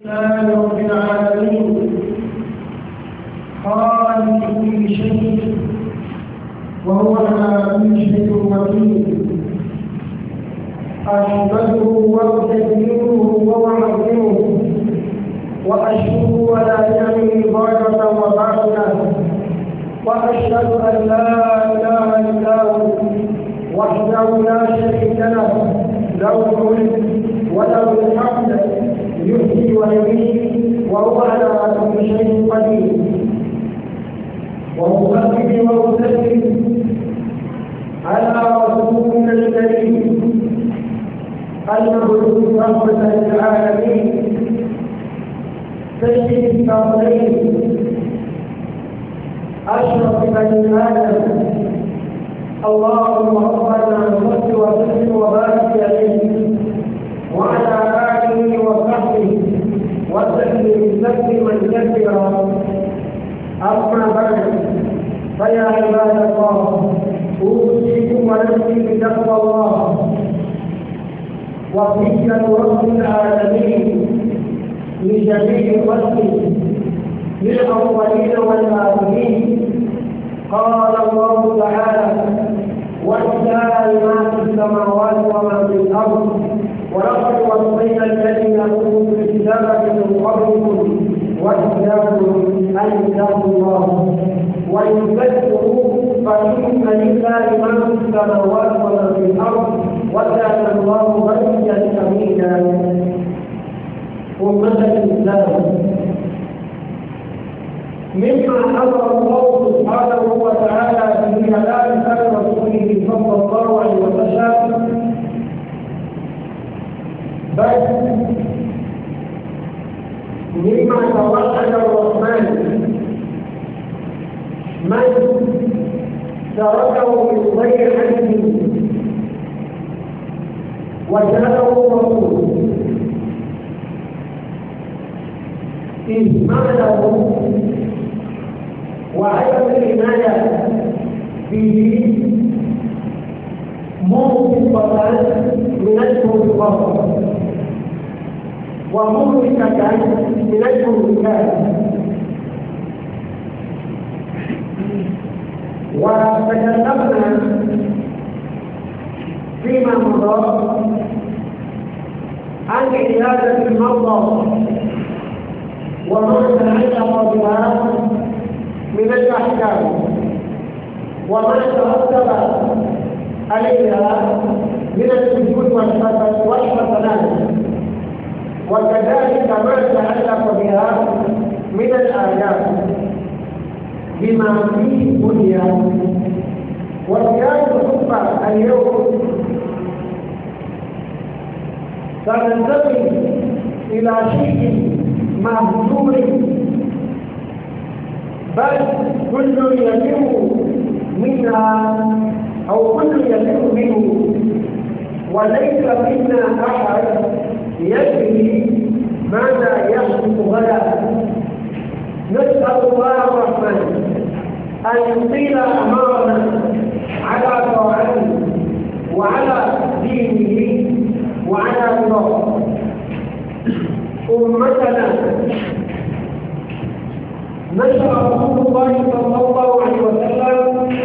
لا رب العالمين خالق كل شيء وهو على كل شيء وكيل أحمده وأستكبره وأعظمه وأشكر ولا يعلم ظاهرة وباطنة وأشهد أن لا إله إلا هو وحده لا شريك له له الملك وله الحمد يحيي ويميت وهو على كل شيء قدير وأصلي وأسلم على رسولنا الكريم المبعوث رحمة للعالمين سيد التقدير أشرف بني آدم اللهم صل على وسلم وبارك فيا عباد الله أوصيكم ونفسي بتقوى الله وصية رب العالمين لجميع الخلق للأولين والآخرين قال الله تعالى والسماء ما في السماوات وما في الأرض ولقد وصينا الذين أوتوا الكتاب من قبلكم وإياكم أن اتقوا الله ويذكروه فإن لله من السماوات ومن في الأرض وكان الله غنيا حميدا أمة الإسلام مما أمر الله سبحانه وتعالى في رسوله صلى الله عليه وسلم بل مما توعد الرحمن من تركه من غير حد وجاءه رسول إهماله وعدم العناية به موقفة من الموقفات ومهلكة من المهلكات وتكلمنا فيما مضى عن عيادة المرضى وما تعلق بها من الأحكام وما ترتب عليها من السجود والحسنات وكذلك ما تعلق بها من الآيات بما فيه بني وكان الخطبة اليوم سننتقل إلى شيء مهجور بل كل يتم منا أو كل يتم منه وليس منا أحد يدري ماذا يحدث غدا نسأل الله الرحمن أن يطيل أمرنا على طاعته وعلى دينه وعلى الله أمتنا نشأ رسول الله صلى الله عليه وسلم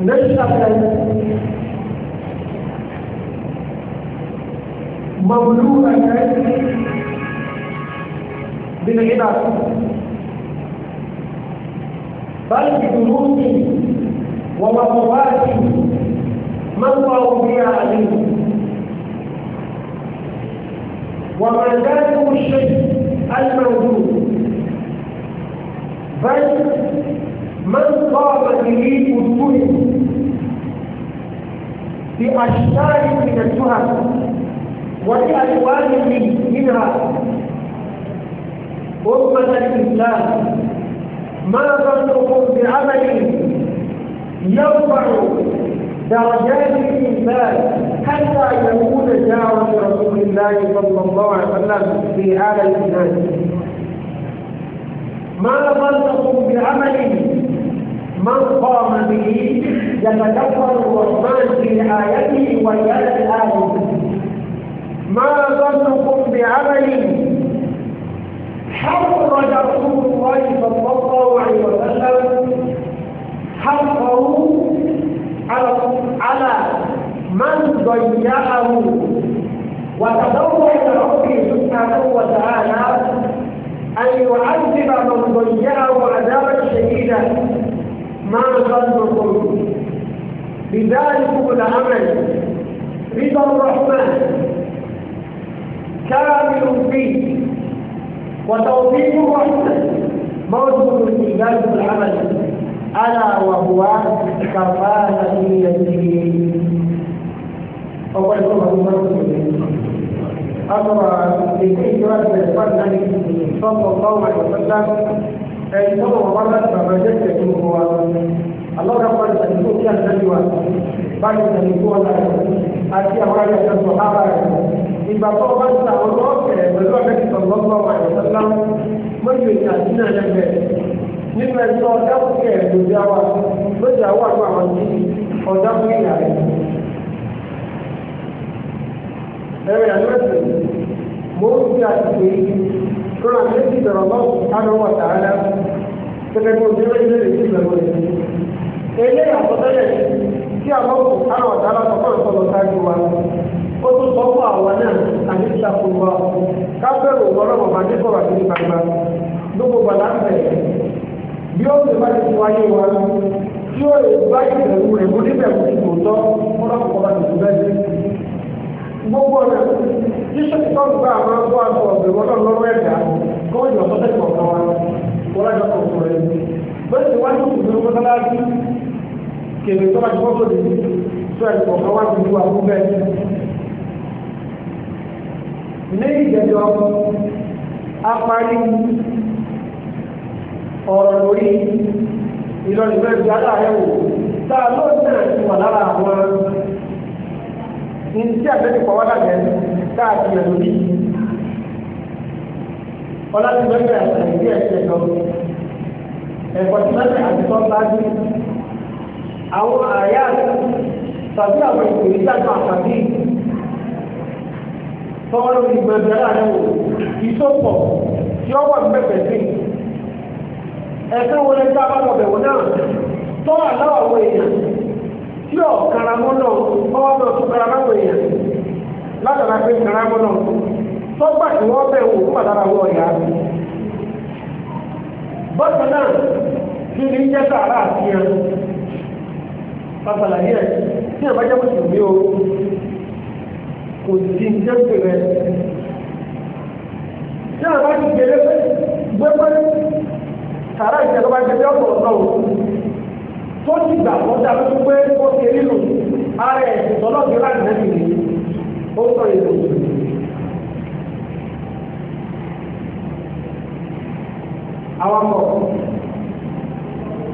نشأة مملوءة بالعبادة بل بجلوس ما الله بها عليه ومداته الشيء الموجود بل من قام به اتهم بأشكال من التهم وبألوان منها أمة الإسلام ما ظنكم بعمل يرفع درجات الإنسان حتى يكون جار رسول الله صلى الله عليه وسلم في هذا الإيمان ما ظنكم بعمل من قام به يتكبر الرحمن في آيته وإياه الآية ما ظنكم بعمل حرج رسول الله صلى الله الله عليه وسلم حقه على على من ضيعه وتضرع الى ربه سبحانه وتعالى ان يعذب من ضيعه عذابا شديدا ما ظنكم بذلكم العمل رضا الرحمن كامل فيه وتوفيق الرحمن موجود في ذلك العمل ألا وهو كفالة نيته أول أمر بكل رد الفن صلى الله عليه صلى الله عليه وسلم ما جدته هو الله رب العالمين كان نبيا بعد أن يكون أتي أوراق الصحابة ìgbà tó o bá ti ta àwọn ọmọ kẹrẹ pẹ̀lú ọ̀rẹ́kì sọ̀rọ̀lọ́gbọ̀ wà ní sọ́lá mọ́jú ìyá nínú ẹgbẹ́ nínú ẹgbẹ́ ọ̀dà kúkẹ́ lójú àwa lójú àwa àgbà wọn ti ọ̀dà kú ìyá rẹ̀. ẹ̀rọ ìyàlúwẹ̀sẹ̀ mo ń fi àtìkù yìí lọ́nà àti ìdọ̀rọ̀ lọ́wọ́ àdánwò àtàrà gẹ́gẹ́ bí obìnrin ilé rẹ̀ ti bẹ̀rù rẹ̀ ó tún sọ fún àwọn náà àti ìṣàkóso káfẹ́rù ọlọ́run ọba ní sọ̀rọ̀ àti ìgbàgbà gbogbo bàlá bẹ̀rẹ̀ bí ó ti bá ti fún ayé wa tí ó lè bá ìbẹ̀rù rẹ̀ mú níbẹ̀ mú ìgbòtọ́ ọlọ́pọ̀ bá ti fún bẹ́ẹ̀ gbogbo ọ̀nà yíṣẹ́ ti tọ́ nípa àwọn ọgbọ́n àti ọ̀bẹ̀rù ọlọ́run lọ́wọ́ ẹ̀dá kọ́ọ̀dù ọ̀sọ́tẹ̀ kọ̀ọ̀kan wa kọ́lájọ kọ̀ọ̀kan rẹ̀ bẹ́ẹ̀ ti wájú ìgbìmọ̀ mọ́sálásí kèrè tó bá ti fọ́ sóde tó ẹ̀kọ́ kan wá ti du àwọn bẹ́ẹ̀ ní ìjẹjọ apárí ọ̀rọ̀ lórí ìlọrin bẹ́ẹ̀ bí aláàrẹ̀wò tá a lọ́ọ̀ náà ti wà lára àwọn ní tí àtẹ́tí pọ̀ wádà jẹ́ tá a ti yẹ̀ lórí ọlọ́dúnrún àtàlẹ́ ìdí ẹ̀sẹ̀ lọ ẹ̀kọ́ tí wọ́n ti àtìkọ́ bájú àwọn àyà tàbí àwọn ìpèníjà kan àtàbí tọ́wọ́ lórí gbẹgbẹ láàrin wò ìsopọ̀ tí ó wà gbẹgbẹ sí ẹ̀sìn wo lè dá bàbá náà tọ́wọ́ àláwọ̀ èèyàn tí ọ karamọ́ náà ọwọ́ náà tó karamọ́ èèyàn látara pé karamọ́ náà tí wọ́n bẹ̀ wò fún àdára wọ náà kí ni jẹ́ àti yẹn kò sí ìjẹ́pẹ̀ rẹ̀. Tí a bá ti gbélé gbẹ́gbẹ́ sàrà ìjẹ́jọba ìjẹ́jọ́ ọ̀pọ̀lọpọ̀ o. Tó ti gbà wọ́n dá lójú pé ó ṣe nínú ara ẹ̀ tọ́lọ́ọ̀dé láti lẹ́nu ìlú. Ó sọ Àwọn ọmọ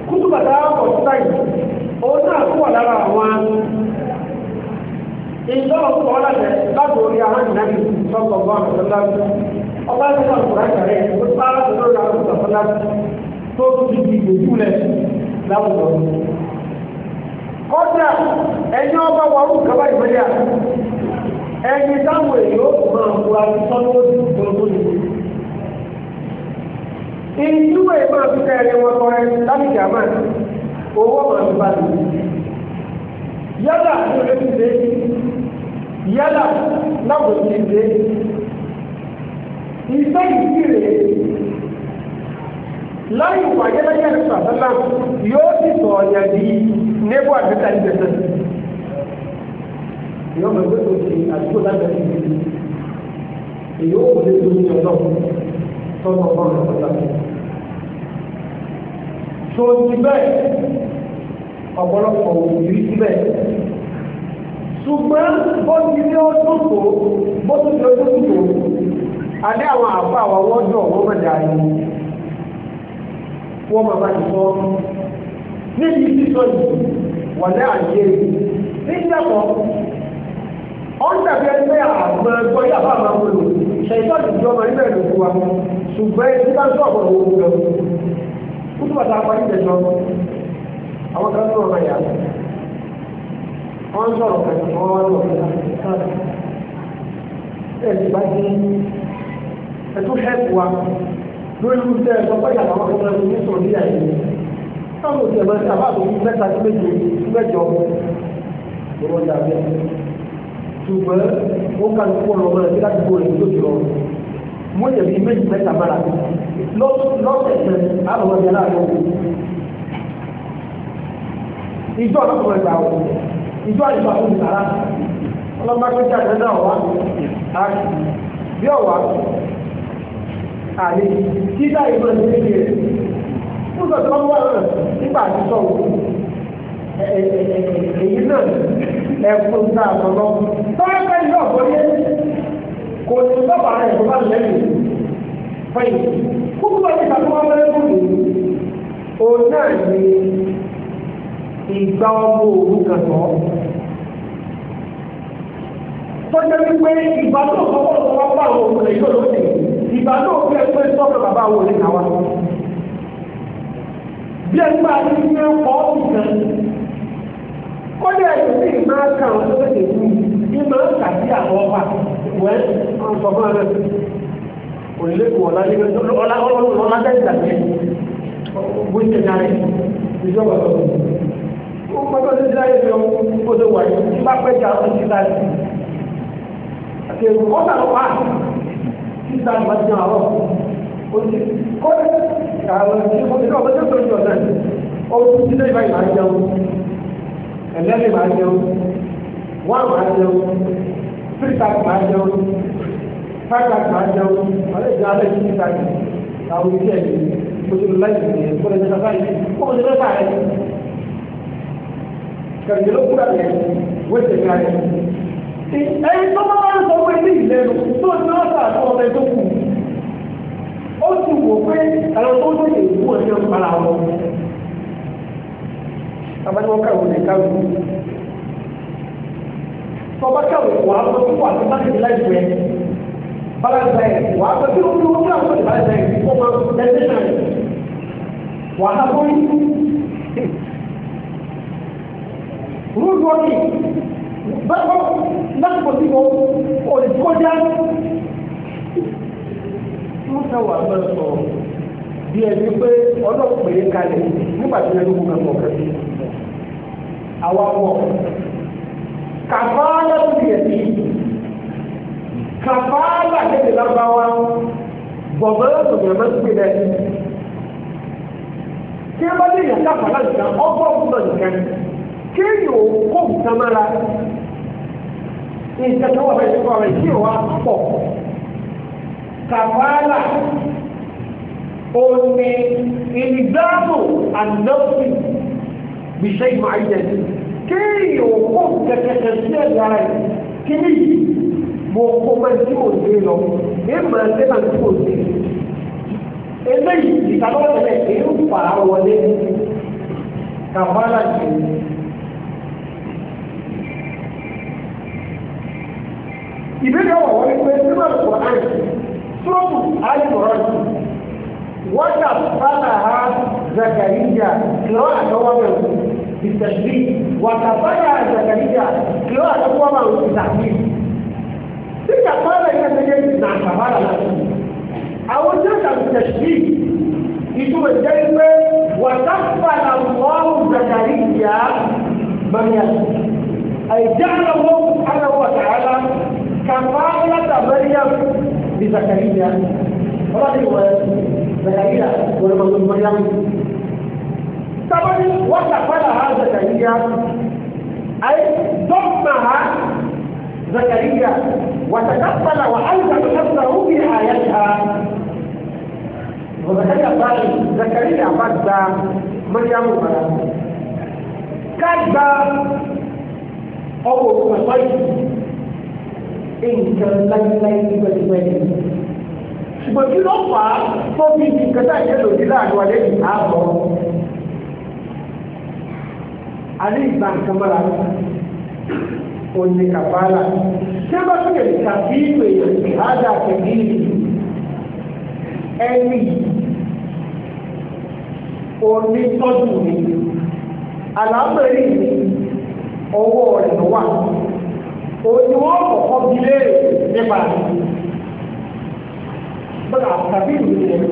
kútùbàtà ọkọ̀ òun náà kúwà lára àwọn ìjọba tó wọ́n lọ́sẹ̀ láti orí àwọn ìnáyì sọ́kọ̀ bọ́ àtọ́lá ọba ẹgbẹ́ náà kúrò àkàrẹ́ ló bá lọ́sọ̀rọ̀ àwọn àtọ́lá tó ti di ìgbòjú lẹ̀ láwùjọ. kọ́dà ẹni ọba wa ó kaba ìmọ̀lẹ́à ẹni táwọn èèyàn ó kò máa kó àti sọ́nù ó ti tó tó máa fi tẹ̀lé wọn kọrin láti jàmáà owó máa fi bá ti yálà ní orí ti dé yálà láwọ̀ ti dé iṣẹ́ ìdí rèé láyé wáyé láyé àdúgbò àtàlà yóò ti sọ ọ̀yà di nebo àgbẹ̀ta ìgbẹ̀sẹ̀ yóò mọ̀ pé kò sí àdúgbò lágbàá ti dé èyí ó kò lè tó ní ọlọ́run tọ́nà ọlọ́run ọ̀tá tó ti bẹ́ẹ̀ ọ̀pọ̀lọpọ̀ òbí síbẹ̀. ṣùgbọ́n bọ́sí ilé ọdún tó bọ́sí ilé ọdún tó alẹ́ àwọn àbá àwọn ọlọ́jọ́ wọn máa dà yìí wọ́n máa bá ti sọ níbi sísọ yìí wà ní àyè nígbàgbọ́ ọ̀ndàbí ẹgbẹ́ àgbọn ẹgbọ́ yà bá máa wọlé ṣèyíkọ́ ti jọba níbẹ̀ ló fún wa ṣùgbọ́n ẹni bá ń sọ̀rọ̀ òun lọ kó tó bàtà apá ìjẹjọ àwọn kan sọ̀rọ̀ náà yàtọ̀ wọ́n sọ̀rọ̀ pẹ̀lú wọn wá lọ ẹ̀ ti bá ti ẹ̀tú hẹ́pù wa lórí irú tẹ́ ẹ̀sọ́ pẹ́yà àwọn kan sọ̀rọ̀ ní sọ̀rọ̀ ní àyè táwọn òsì ẹ̀mọ́ ẹ̀sẹ̀ àbá àtòkù mẹ́ta sí méje sí mẹ́jọ lọ́wọ́ ìyá bẹ́ẹ̀ ṣùgbọ́n wọ́n kà lóko ọ̀rọ̀ rẹ̀ sí láti bóore tó ti rọrùn mo yẹ̀ méjì mẹ́ta bára lọ́sẹ̀ ìjọ ọlọ́kùnrin gbà wọ ìjọ ìjọ àwọn ìsàrà ọlọ́mọ pé jáde náà wà áàkì bí ọ̀wà àlè títà ìmọ̀ ní ilé rẹ̀ fún ìtọ́jú ọmọ wà náà nígbà tí wò èyí náà ẹ̀kún tá a sọ lọ tọ́lá pẹ́ ọ̀pọ̀ yẹ kò ní sọ́pà rẹ̀ bá lẹ́yìn fẹ́yìn kúkú bá ti sàkóbá fẹ́rẹ́ fún mi òun náà ní ìgbà ọmọ òru kan tọ́. Tọ́jú wípé ìgbà náà kọ́kọ́ lọ wá bá àwọn òun rẹ̀ yóò lóde. Ìgbà náà fi ẹgbẹ́ sọ́kọ̀ bàbá àwọn òun náà wá. Bí ẹgbẹ́ àti ilé ọkọ̀ nìkan. Kọ́lé ẹ̀sìn sì máa ka àwọn tó tètè kú. Bí máa ń kà sí àwọn ọba. Wẹ́ ọ̀sọ̀ fún ọ̀rẹ́. Òlélẹ́kùn ọ̀la ní ọ̀la ọ̀la ọ̀la bẹ́ẹ̀ dàgbẹ́. Bó ń tẹ̀lé ìjọba lọ́wọ́ ó pẹ́tọ́ sí ìdílé ayé ìjọ kó ṣe wà yìí nípa pẹ́jà ó ti ta yìí àti èrò kọ́tà ló pa títa ìgbà tí wọn àrọ ó ti kó àwọn ẹni tó ti kọ́ ọ̀gbẹ́jọ́ tó ń jọ náà ó ti ti lé báyìí máa jẹun ẹ̀lẹ́lẹ́ máa jẹun wọ́n máa jẹun títa máa jẹun fáta máa jẹun ọ̀lẹ́ ìjọ alẹ́ yìí títa yìí àwọn ìdí ẹ̀ kó tó lọ láì kẹ̀kẹ́ ló kúrò rẹ̀ wọ́n ti rẹ̀ rẹ̀. ẹyin tó bá wọ́n sọ pé ní ìlẹ́nu tó ní wọ́n sà tó ọmọ ẹjọ́ kù ó ti wò pé àwọn tó tó lè wú ẹjọ́ para wọn. abájọ́ wọn kàwé lè káwé. tọ́ba kàwé wà á lọ sí wà ní báyìí láìpẹ́ balazai wà á lọ sí ojú ojú àwọn ìbálẹ̀ ọmọ ẹgbẹ́ náà wà á lọ sí rude working bẹ́ẹ̀ láti pọ̀ sí wọn òní kọjá wọ́n fẹ́ wà lọ́dọ̀ sọ bí ẹni pé ọlọ́pàá yẹn kalẹ̀ nígbà tí ẹni kúkẹ́ mọ̀ kẹ́kẹ́ àwa mọ̀ kàfáàlà tó yẹ sí kàfáàlà kéde lábáwá bọ̀mọ́lá tó yẹ mẹ́sìkì rẹ̀ tí ẹ bá lè yàn káfáàlà nìkan ọgbọ́n fún ọ nìkan kéèyàn ò kó nǹkan mọ́ra nǹkan tó wà fẹ́ tó wà fẹ́ tí ò wá pọ̀ kàfàlà òní ìdáàbò ànáfì bìṣẹ́ ìmọ̀ àìjẹ̀dì kéèyàn ò kó kẹ̀kẹ́kẹ́ sí ẹ̀dá rẹ̀ kíní yìí mo kó mọ́ tí ò dé lọ èèmọ̀ ẹ̀dẹ́ náà tí ò dé eléyìí ìtàlọ́wọ́ tẹ̀lé èyí ń fà á wọlé kàfàlà yìí. ìbéèrè wà wọ́n pé nínú àlùkò àyè sọ́ọ̀tù àìsàn wọ́dà fàtà ha zakariya kìlọ́ àtọwọ́ bẹ̀rù ìtẹ̀sí wàtà fàtà zakariya kìlọ́ àtọwọ́ bẹ̀rù ìtàkì. Síta fara yẹn ti yẹ nà àkàbàrà láti. Àwọn tí a kà ìtẹ̀sí ìtumọ̀ jẹ́ pé wàtà fàtà wọ́n zakariya bẹ̀rù àyè jẹ́ àlọ́ wọ́n àlọ́ wọ́n tààlà kàfáàlátà mariam bí zakariya ọlọ́dún ìwọ zakariya wọlọmọdún mariam sábàbí wọ́n kàfáàlà ha Zakaria, ayé dọ́gba ha zakariya wàtàkàfàlà wà áyùkà tó kàfàlà ó bí àyàtà zakariya bá zakariya bá gba mariam mara ọwọ́ òkú ẹ̀fọ́ yìí nǹkan láyéláyé tipẹ́tipẹ́ ni. ṣùgbọ́n kí ló fà á tó fi nǹkan tá ìṣe lòdì láàrin wàlẹ́ yìí á sọ. àní ìgbà nǹkan mọ́ra òní kàfàlà tí a bá tún lè kàfí ìwé ìhádà kẹ̀kẹ́ ẹni òní tọ́jú mi àlàáfẹ́ rí mi ọwọ́ rẹ̀ wà òní wọ́n kọ̀kọ́ bí léèrè nípa àti bọ́lá kàbí ìlú yẹn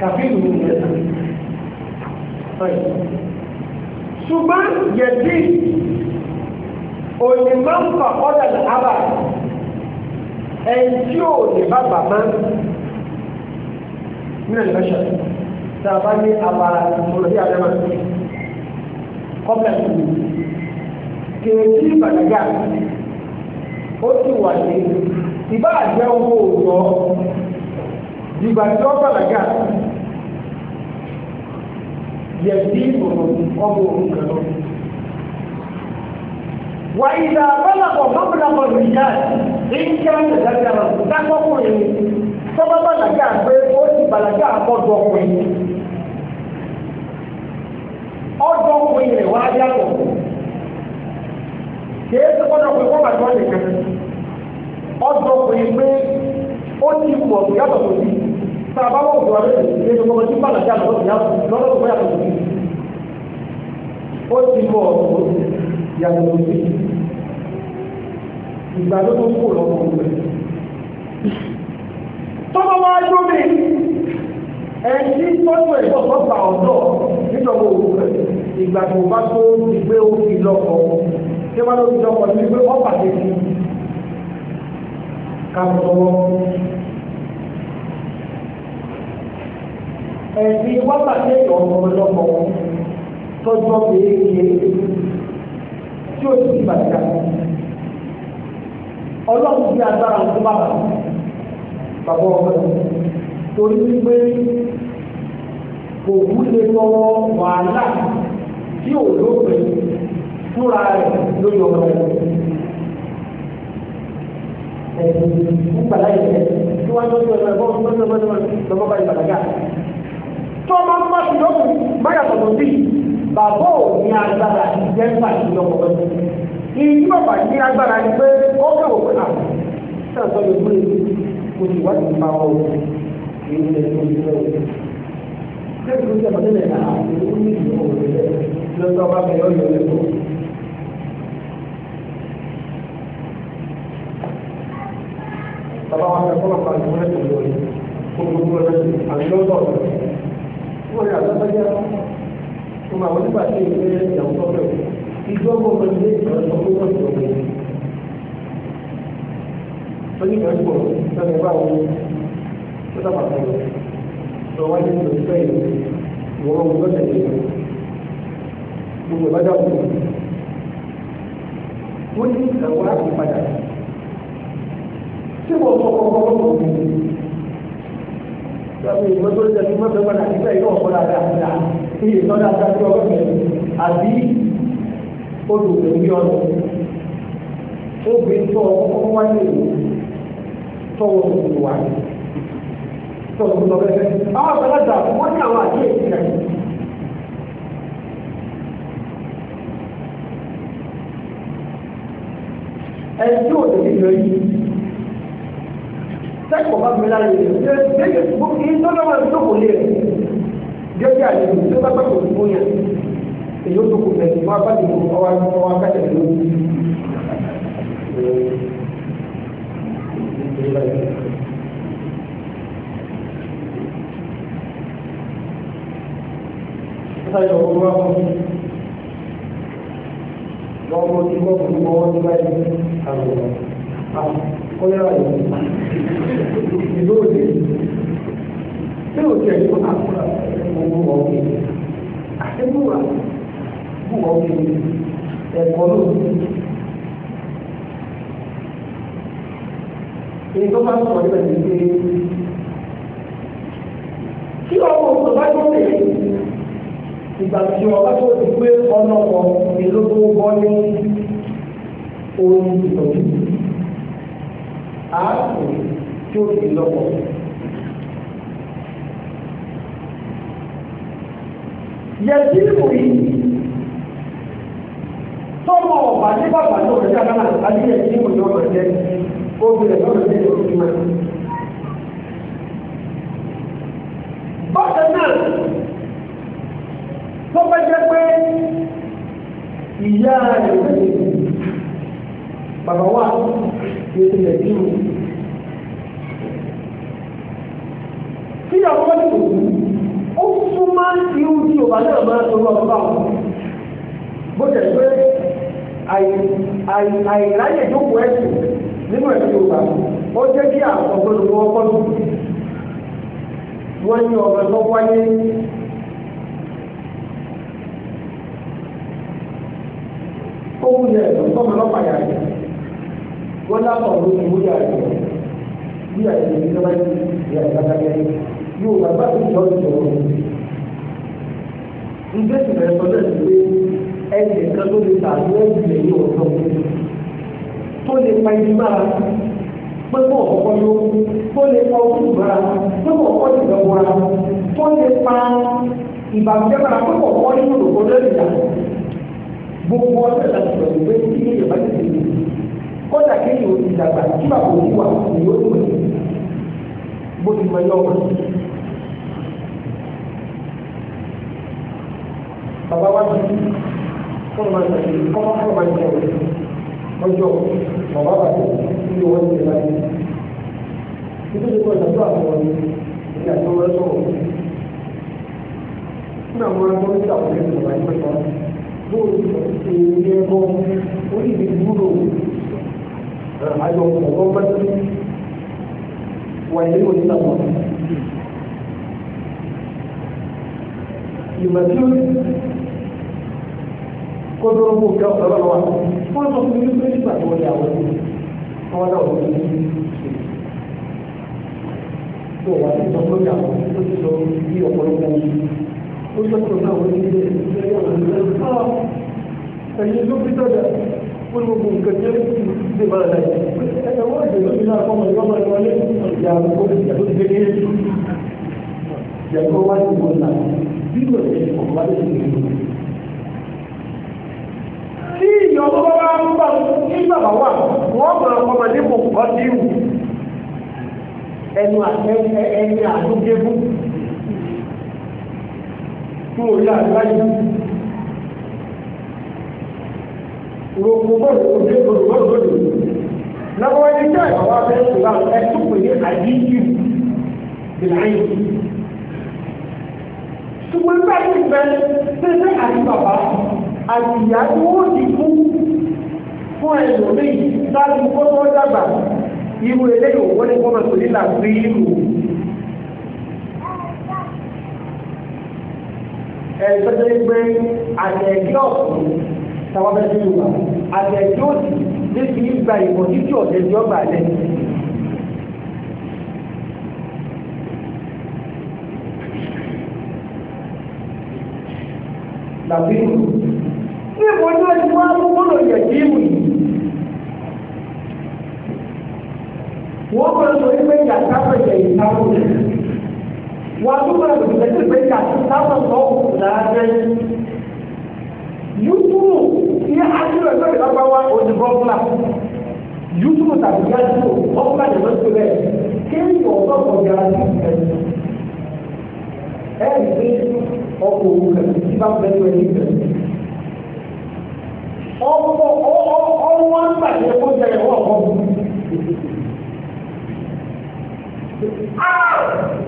kàbí ìlú yẹn ṣùgbọ́n yẹ̀dí òní máa ń kọ̀ ọ́dà ní abà ẹni tí ò ní bá bàbá nínú ìfẹsẹ̀ tá a bá ní abà ìmọ̀lẹ́bí àdẹ́mà kọ́pẹ́ ìlú kèéjì ìbàdàgà ó ti wà ní ìbá àjẹ owó òòjọ́ ìgbà tí ó bàdàgà yẹ̀dí ìbòrò ọmọ òrukàn lọ. wà ìdá abẹ́lẹ̀kọ̀ mọ́bìlàkọ̀ nìkà ìkà ìdàgbàrà dákọ́kùnrin tọ́ba bàdàgà pé ó ti bàdàgà àkọ́dọ̀ ọkùnrin ọdọ̀ ọkùnrin rẹ̀ wá yàtọ̀ kìí ṣe kọ́nà pé kọ́nà tó lè kẹ́kẹ́ ọjọ́ pé ó ní ipò yàtọ̀ tó ti tá a bá wọ̀ ọ̀gbìn wa lóde ìdílé ní kọ́nà tí bàlá jà lọ́dọ̀ yàtọ̀ lọ́dọ̀ tó yàtọ̀ tó ti ó ti bọ̀ ọ̀gbìn yàtọ̀ tó ti ìgbà tó tó kù lọ́wọ́ rẹ̀ tọ́lọ́ wá yó mi ẹni tọ́jú ẹ̀ tọ́tọ́ gbà ọ̀dọ́ nítorí òwúrọ̀ ìgbà tó bá tó ti gbé ó fi lọ́kọ̀ọ́ tí wọ́n lórí ìjọpọ̀ ní pé wọ́n pàdé sí kàtọ́wọ́. ẹ̀sìn wọ́n pàdé ìyọ̀nbọ̀lọpọ̀ tọ́jú ọ̀bẹ̀ẹ́kẹ́ tí ó ti bàjá. ọlọ́run bí agbára ń kú bàbá bàbá ọmọ rẹ̀ torí wípé kò wúlé lọ́wọ́ wàhálà tí ò lópin múra rẹ̀ lórí ọmọ rẹ̀. Ẹ̀sìn ìgbàlá yẹn tí wọ́n yọ ọjọ́ ẹ̀gbọ́n tó ń bọ́ lọ́wọ́ bá ìbàdàgà. Tó o máa ń bá ṣùgbọ́n kù báyà tọ̀tọ̀ sí bàbá ò ní agbára ìjẹ́ pàṣẹ lọ́kọ̀ lọ́sẹ̀. Ìyú ọ̀pá ní agbára ni pé ó fẹ́ wò pé à sọ̀tọ̀ lè gbé kò e? sì wá sí máa wọ̀ kì í ṣe kò sí lọ́wọ́. Ṣé ìlú ṣe àbọ̀dẹ́lẹ̀ náà àti ìlú ní ìlú òwò lọ́sọ̀ bá mi yọ̀ lẹ́kọ̀ọ́. bàbá wa fẹ́ kọ́lọ̀ kan ìwé ẹ̀sìn lórí gbogbo ẹ̀sìn àti lọ́dọ̀ rẹ̀ wọ́n rí àtọ́sọ́jà tó máa wọ́n nígbà tí ìwé ìyàwó tó fẹ́ ìjọ gbogbo ilé ìtọ́jú tó wọ́n ti lọ́wọ́ yìí. lórí ìgbàgbọ́ sọ́ni bá wọn tó dábàá fún un lọ wá ní ìlú ìfẹ́ tí wọ́n sọ kọ́kọ́ lọ́wọ́ mi. Sọ́mi ìwé tó jẹ́ kí wọ́n fẹ́ padà nígbà yìí wọ́n kọ́ra dáadáa kí lè dáadáa sí ọ̀rọ̀ mi àbí olùkọ́ ní ọ̀nà. Obìnrin tó ọkọ̀ wá ní èlò tọ́wọ́ òkú wa tọ́wọ́ òkú lọ́wọ́ ẹgbẹ́. Àwọn àgbàlagbà wọ́n ní àwọn àdéhùn ìgbà yìí. Ẹni tí ò sẹ́kọ̀ bá mi lára yẹn ṣe ṣe gbogbo ìtọ́jú ọmọ ìlú kò lè rẹ̀ gẹ́gẹ́ àlejò tó bá pàtó ìbò yẹn èyí ó tó kù mẹ́tì wọ́n bá dìbò ọwọ́ ọwọ́ akẹ́tẹ̀ lórí. sáyọ owó wa fún mi wọ́n mú ti wọ́n fún mi wọ́n ti báyìí àwọn ọ̀rọ̀ ọyá rẹ̀ ìlú òde tí o tẹ̀ yóò máa fúnra owó ọ̀gbìn àtẹ́gbùwà gbùwọ̀ ọ̀gbìn ẹ̀kọ́ ló ti. èyí tó bá ń sọ nípa ìdílé kí ọmọ òṣèlú bá tó lè ìgbà tí ọba tó ti gbé ọlọ́mọ ìlú tó bọ́ ní orí àápù tí ó fi lọ́pọ̀. Yẹ̀sí ìlú yìí tọ́mọ ọ̀bà ní bàbá náà rẹ̀ dáadáa náà àti yẹ̀sí ìlú yìí ọ̀rọ̀ jẹ́ obìnrin lọ́rọ̀ jẹ́ ìlú yìí Bọ́sẹ̀ náà tó bá jẹ́ pé ìyá rẹ̀ bàbá wa nítorí ẹbí mi. kí ni ọkọ ti kù ó tún máa ń fi ojú ọba náà máa tó lọ bá wọn bó tẹ̀ pé àìráyè tó kù ẹ̀sìn nínú ẹ̀sìn ó jẹ́ kí lù wọ́n ní ọ̀rọ̀ tó wáyé ó lọ́pàá yàrá wọ́n lápá òun ti wúyà rẹ̀ wúyà rẹ̀ ní ìjọba yìí ìyá ìjọba yẹn yóò wà bá ti jọ ìjọba yẹn. ǹjẹ́ ìgbà ẹ̀sọ́ bẹ́ẹ̀ ti pé ẹnì kan tó lè ta àwọn ìgbìlẹ̀ yìí ọ̀dọ́ tó lè pa ibi máa pẹ́pọ̀ ọ̀kọ́ yó tó lè pa ojú ìgbà pẹ́pọ̀ ọ̀kọ́ ìgbàgbọ́ra tó lè pa ìbànújẹ́ bára pẹ́pọ̀ ọ̀kọ́ nínú òkòdó ìjà gbogbo ọ̀sẹ̀ láti kọ́dà kéèyàn ò ti dàgbà kí bàbá òun wà ní yóò mọ̀ ní bó ti mọ̀ yọ ọmọ. Bàbá wa ti fún ọmọ ìgbàgbé ọmọ fún ọmọ ìgbàgbé ọjọ́ bàbá wa ti ní owó ìgbàgbé láti. Nítorí pé ọ̀dọ́ àwọn ọmọ mi ní àti ọmọ ẹ̀sọ́ Nínú àwọn ọmọ ní àwọn ẹ̀sọ́ ìgbàgbé pẹ̀lú bóòlù ìgbẹ́ bọ́ orí ìgbẹ́ gbúdọ̀ ayọ̀ ọ̀gbọ́n pẹ́tù wà ní onígbàgbọ́. Ìmọ̀ tí ó kó tó ń bò kí ọ̀sán lọ́wọ́ wa wọ́n sọ fún mi pé nígbà tó ní àwọn ọmọ wọn náà wọ́n ti ní tó wà ní sọ lórí àwọn tó ti sọ bí ọ̀pọ̀lọpọ̀ ó sọ pé náà wọ́n ti ní ilé ìgbésẹ̀ yóò rẹ̀ lọ́wọ́ ẹ̀yin ló fi tọ́jà fún gbogbo nǹkan tí ó ti ṣe máa rẹ̀ ẹ̀yẹ wọ́n ti lóbi náà fọmọ ìjọba ìwọlé ìyá àbúkọ ìyàtọ̀ ti gbé ìyàtọ̀ wá sí wọn náà bí wọ́n ti ṣe ọ̀pá lè ṣe ìlú. tí ìyọ̀bọ̀ bá wá ń bà nígbà bá wà wọ́n máa rògbò bọ́ọ̀lù ojú ìgbòdò bọ́ọ̀lù lòdì. Lọ́wọ́ ẹni tí àyà wá fẹ́ sùn láwọn ẹtú pè ní àdíjú bìláyìn. Ṣùgbọ́n nígbà tí ń bẹ ṣẹ́ṣẹ́ àti bàbá àti ìyá tí wọ́n ti kú fún ẹlòmíì láti kó tó dàgbà irú eléyìí òwò ni wọ́n máa pè ní làbílù. Ẹ̀ẹ́dẹ́gbẹ́ àtẹ̀gbẹ́ ọ̀sán tàwọn bẹ́ẹ̀ tó yorùbá àtẹ̀jọ́ òsì lébi ìgbà ìbọn títí ọ̀dẹ̀ tí ó gbà lẹ̀. làbíyù níbo ni ó ti wá gbogbo yẹ kí wù yìí. wọ́n máa sọ pé yàtá pẹ̀lẹ́ ìtàkùn rẹ̀ wọ́n á tún máa lò pẹ̀lú pé yàtá pẹ̀lẹ́ ìtàkùn rẹ̀ yóò ìyẹn àdúrà ẹgbẹ́ ìlàgbà wa òdì bọ́ọ̀lá yútùbù tàbí yájú ọ̀pọ̀lá ìlú tó rẹ̀ kéwì ọ̀pọ̀ ọ̀gá ti ẹ̀sìn ẹ̀rí pé ọkọ̀ òwú kẹ̀kẹ́ tí bá fẹ́ lọ ẹ̀yìn kẹ̀kẹ́ ọ̀pọ̀ ọ̀wọ́ ń gbàgbé kó jẹ ẹ̀wọ̀ ọ̀pọ̀ ah!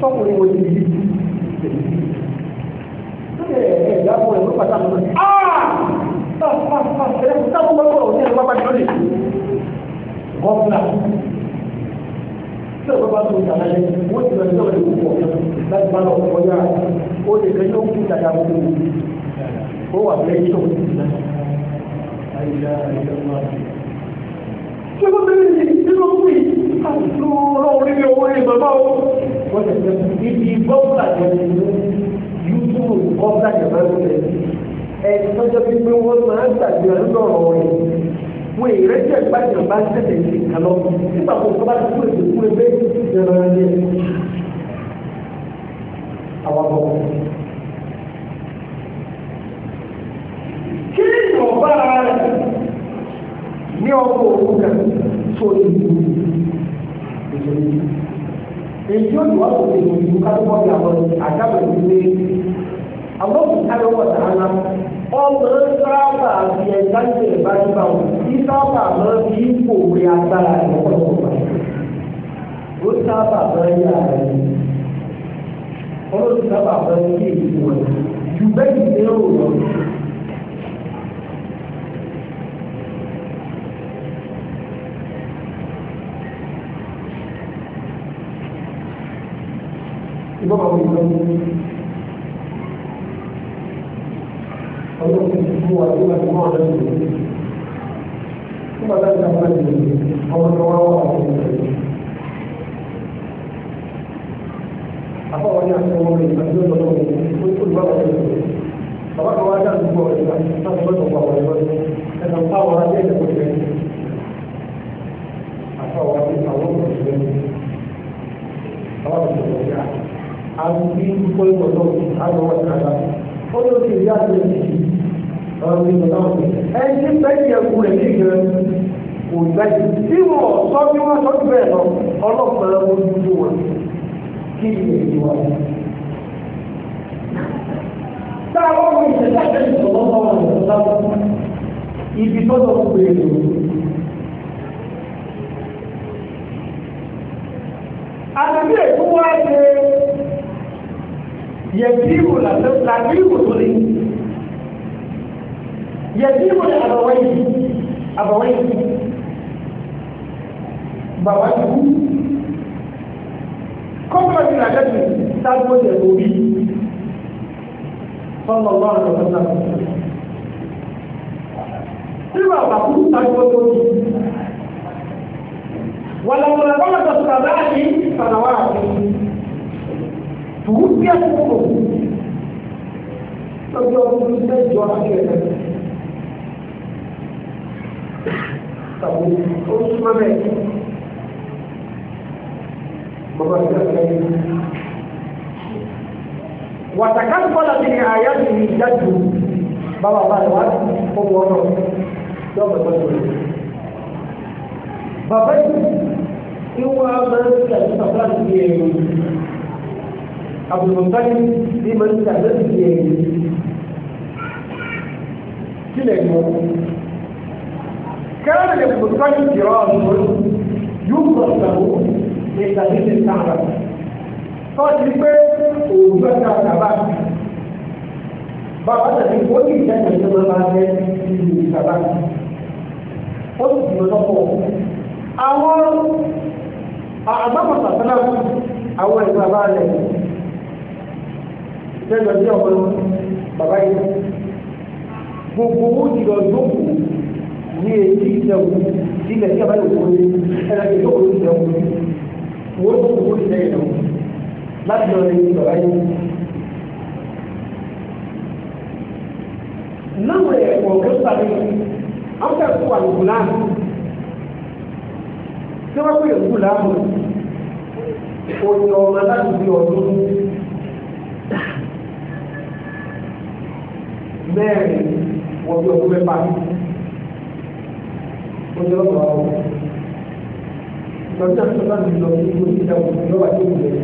sọ́kùnrin wo ni yìí ẹ̀ẹ́dá fún ẹ̀ ló pàtàkì lọ sí. ẹ̀ẹ́dá fún sábà gbọ́dọ̀ òní ẹ̀rọ pápá jọ́lẹ̀ gọ́ọ̀nà tí ọ̀rọ̀ bá tó ìjà lálẹ́ wọ́n ti lọ sí ọ̀rẹ́ púpọ̀ láti bá lọ kọjá ó lè kẹ́ yóò kú ìjàdá gbogbo ó wà bẹ́ẹ̀ yíyọ̀ ṣé wọ́n bẹ̀rẹ̀ ní nínú ọ̀gbìn àti ọ̀rọ̀ orí mi owó rẹ̀ bàbá o. wọ́n ti sẹ́ ibi bọ́ọ̀lù àjẹmí yútúbù bọ́ọ̀lù àjẹmí rẹ̀ ẹ̀ tọ́jọ́ bí pé wọ́n máa ń gbàgbé ọ̀rọ̀ rẹ̀ wọ́n èyí rẹ̀ jẹ́ gbàgbé bá tẹ̀lé ní kalọ́ nígbà tó kọ́ bá ti kúrò tó kúrò bẹ́ẹ̀ jẹ́rọ ẹ̀ àwọn bọ̀. kí ni ìwọ̀n rẹ̀? ní ọkọ̀ òkú kan tó ìlú ìṣòro èyí ó dùn ọ́pọ̀ ìlú ìlú kálífọ́ bí àwọn àjábọ̀ ìlú lé àwọn òkúkálẹ̀ wọ̀ sàánà ọmọ sábà àti ẹ̀dá ń tẹ̀lé bá nípa wọn kí sábà máa fi ipò rẹ agbára rẹ pọ̀lọpọ̀ ó sábà máa yà rẹ ọlọ́sìn sábà máa ń yé ìlú wọn bẹ́ẹ̀ ní ìlú wọn. ìbọn àwọn ìbọn ní ọjọ́ tí ti fún wa tí wọ́n ti mọ́ ọ̀dọ́ ìlú nígbà tá ìta bá ti lè ọmọ tó wá wà ní ìlú àbáwọn ní àti ọmọ rẹ̀ àti ọjọ́ tó wọ́n ní olùbáwọ̀ ní ìlú bàbá kan wá dá àdúgbò rẹ̀ láti gbọ́dọ̀ pa wọ̀ ẹ̀rọ ẹ̀rọ táwọn ará bẹ́ẹ̀ lẹ́kọ̀ọ́ rẹ̀ àtàwọn àwọn ọmọ rẹ̀ àwọn ọmọ rẹ̀ àti ìkó ìkọ̀tọ̀ àgbọ̀wọ̀ ìkàlà ó ló ti ìyá àti ìdí ọ̀rọ̀ ìkọ̀tọ̀ ọ̀sẹ̀ ẹni tí bẹ́ẹ̀ yẹ kú rẹ̀ ní ìgbẹ́ kò gbẹ́ tí wọ́n sọ bí wọ́n sọ bẹ́ẹ̀ lọ ọlọ́pàá ojúgbó wọn kí ni èyí wà ní. táwọn ọmọ ìṣẹ̀lẹ̀ àti ìṣòro ọmọ ìṣẹ̀lẹ̀ ibi tó lọ gbé e lò. àtàbí èkó wá يجيب لعبيب طريق يجيب لأبويه أبويه بويه كما في العجل تقول النبي صلى الله عليه وسلم Tí bàbá kú tàbí ọdún tòun bí ẹkọ lọ́jọ́ ọdún mẹ́jọ akẹrẹ tàbí ó súnmọ́ bẹ́ẹ̀ bàbá mi kàkẹ́ yìí wàtàkà kọlà bí i àyà mi ní ìdájú bàbá bá wà ó wọ ọ yọ bàbá tó lè bàbá yìí ìwà bẹ́ẹ̀ kàkẹ́ bàbá mi yẹ àbùkùntàlì ní ma ń ta lẹ́sì ní ẹ̀yìn kílẹ̀ mọ́ kẹ́rẹ́ lè kùntàlì jìrọ̀ àbùkù yóò kọ́ ìgbàgbọ́ ní ìtàlẹ́ jadi sàrà tọ́jú pé òun bẹ́ẹ̀ ká sábà bàbá tàbí ó ní ìdájọ́ ìjọba máa jẹ́ ìlú ìjọba ó sì ti lọ́pọ̀ àwọn àgbàpọ̀ sàtàlà àwọn lẹ́gbẹ̀ẹ́ bí ọ̀pẹ bàbá yìí gbogbo owó ìlọ ìdókòwò ní èyí ìjẹun ilẹ̀ tí a bá yóò wọlé ẹ̀rọ ìdókòwò ìjẹun wọ́n tó kòkó ìjẹ ìjẹun láti lọ lẹ́yìn bàbá yìí. náà ẹ̀kọ́ kẹta mi àwọn kẹ́kọ̀ọ́ àlùkò náà tí wọ́n pè é kú láàmú òyìn ọmọ láti bí ọdún mẹ́rin wọ́n bí ọdún mẹ́fà ó jẹ́ ọ̀rọ̀ àwọn ìgbàgbọ́ àti ọ̀gá mi lọ sí ìlú ìjà òkú lọ́wọ́ àti òkú rẹ̀.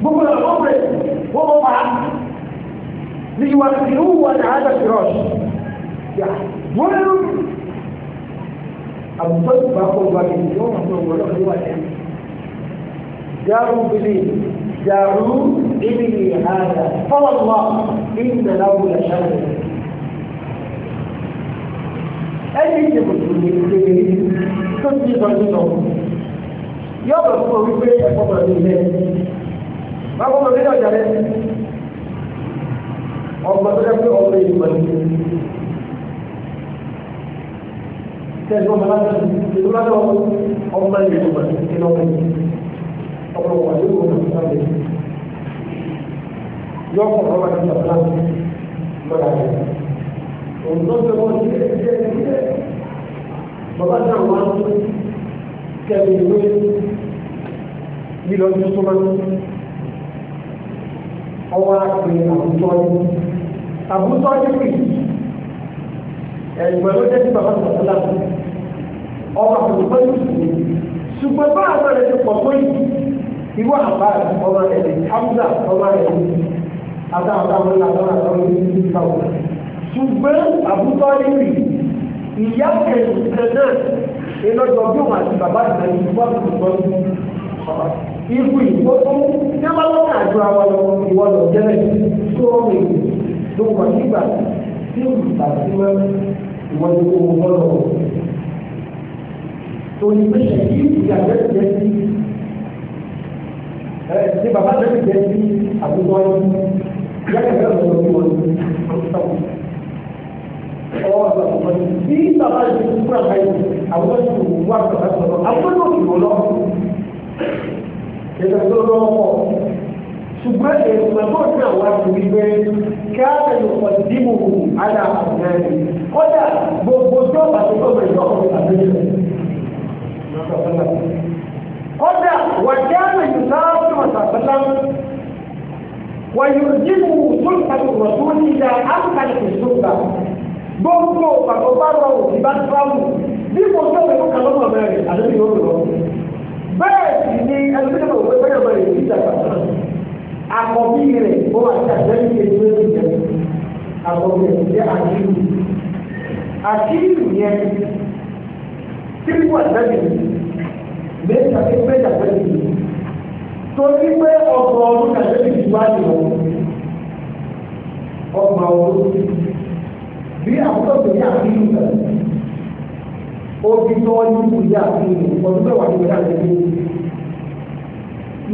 gbogbo ọ̀rọ̀ wọn wọ́n mọ̀ pa ní ìwà ìlú wà ní àádọ́ ìrọ̀ṣì. wọ́n lérò àbùtọ́ ìgbà kọ̀ọ̀gbà kìí wọ́n mọ̀ pé ọ̀gbọ́n náà ló wà lẹ́yìn. yàrá òbí دعوا ابني هذا فوالله إن له لشر ẹni tí kò tún lè ṣe tó ti sọ nínú yóò bọ̀ fún orí pé ẹ̀kọ́ bọ̀ ní ilé máa kọ́ bọ̀ nínú ọjà rẹ̀ ọgbọ́n tó dẹ́kun ọgbọ́n yìí bọ̀ nínú tẹ̀síwọ́n bọ̀ láti ṣe ìdúrà lọ́wọ́ ọgbọ́n yìí bọ̀ nínú ọgbọ́n yìí ọ̀pọ̀lọpọ̀ àdéhùn ọ̀nà ìgbà lè yọ ọ̀pọ̀ ọ̀rọ̀ àti ìjọba lọ́la rẹ̀ òun tó fẹ́ wọ́n ti rẹ̀ díẹ̀ díẹ̀ bàbá náà wà ń kẹ́mi ìwé lílọ sí súnmọ́ ọwọ́ àpè àwùjọ yìí àwùjọ yìí ẹ̀gbọ́n ló jẹ́ sí bàbá sọ̀tọ́lá ọmọ àwùjọ yìí ṣùgbọ́n bá àwọn ẹ̀ṣẹ̀ pọ̀ tó yìí ìwọ àbá ọmọ ẹ̀dẹ̀ hamza ọmọ ẹ̀dẹ̀ àtàwọn àtàwọn àtàwọn ìdílé ìtàwọn. ṣùgbọ́n àbútọ́ níbi ìyá kẹ̀kẹ́ náà ìlọ́jọ́ bí wọn àti bàbá ìgbà yìí wọ́n kò tọ́ ní ikú ìwọ́ tó ní wọ́n lọ́kàn àjọ àwọn ọmọ ìwọ́ lọ jẹ́lẹ̀ tó wọ́n mi ló wà nígbà tí ìgbà tí wọ́n ìwọ́ ní kó wọ́n lọ́wọ́. torí pé ṣèkí ìyàgbẹ́ ti jẹ́ sí ní bàbá tó ti jẹ́ sí àbúrò ọdún yàtọ̀ bẹ́ẹ̀ lọ́wọ́ bí wọ́n ti sọ̀rọ̀ ọ̀rọ̀ bí bàbá yìí ti kúrò àbáyé àwọn tó ti wà bàbá sọ̀rọ̀ àwọn tó ti wọ̀ lọ. Ìgbà tó lọ́wọ́ pọ̀ ṣùgbọ́n èèmọ̀ náà ní àwọn àtúrí pé káàkiri ọ̀pọ̀ dìbò àdá àbùdáyé kọ́dà gbogbo tó bàtí tó bẹ̀rẹ̀ lọ́kọ̀ àbẹ̀yẹ̀ kọ́dà wà jáàmù ìtàn وسلم ويلزمه سلطة الرسول إذا أمكن في السلطة gbogbo pàtọ́bárò ìbá tíráàmù bí mo sọ pé kókà lọ́nà mẹ́rin àdébí yóò lọ. bẹ́ẹ̀ sì ni ẹlẹ́dẹ́gbẹ̀rún òwe bẹ́ẹ̀ bẹ́ẹ̀ yìí dàgbà náà. àkọ́bí rẹ̀ ó wà sí àtẹ́lẹ́ ìlú ẹ̀rọ ìjẹ́ àkọ́bí rẹ̀ jẹ́ àkíyù torí pé ọgbọ̀n ọdún kàdé ti ti wá ní ọ̀hún ọgbọ̀n ọdún bí àkókò tó ní àfihàn rẹ̀ ó ti tọ́ ní ìdílé àfihàn ọdún mẹ́wàá ní ìdílé àfihàn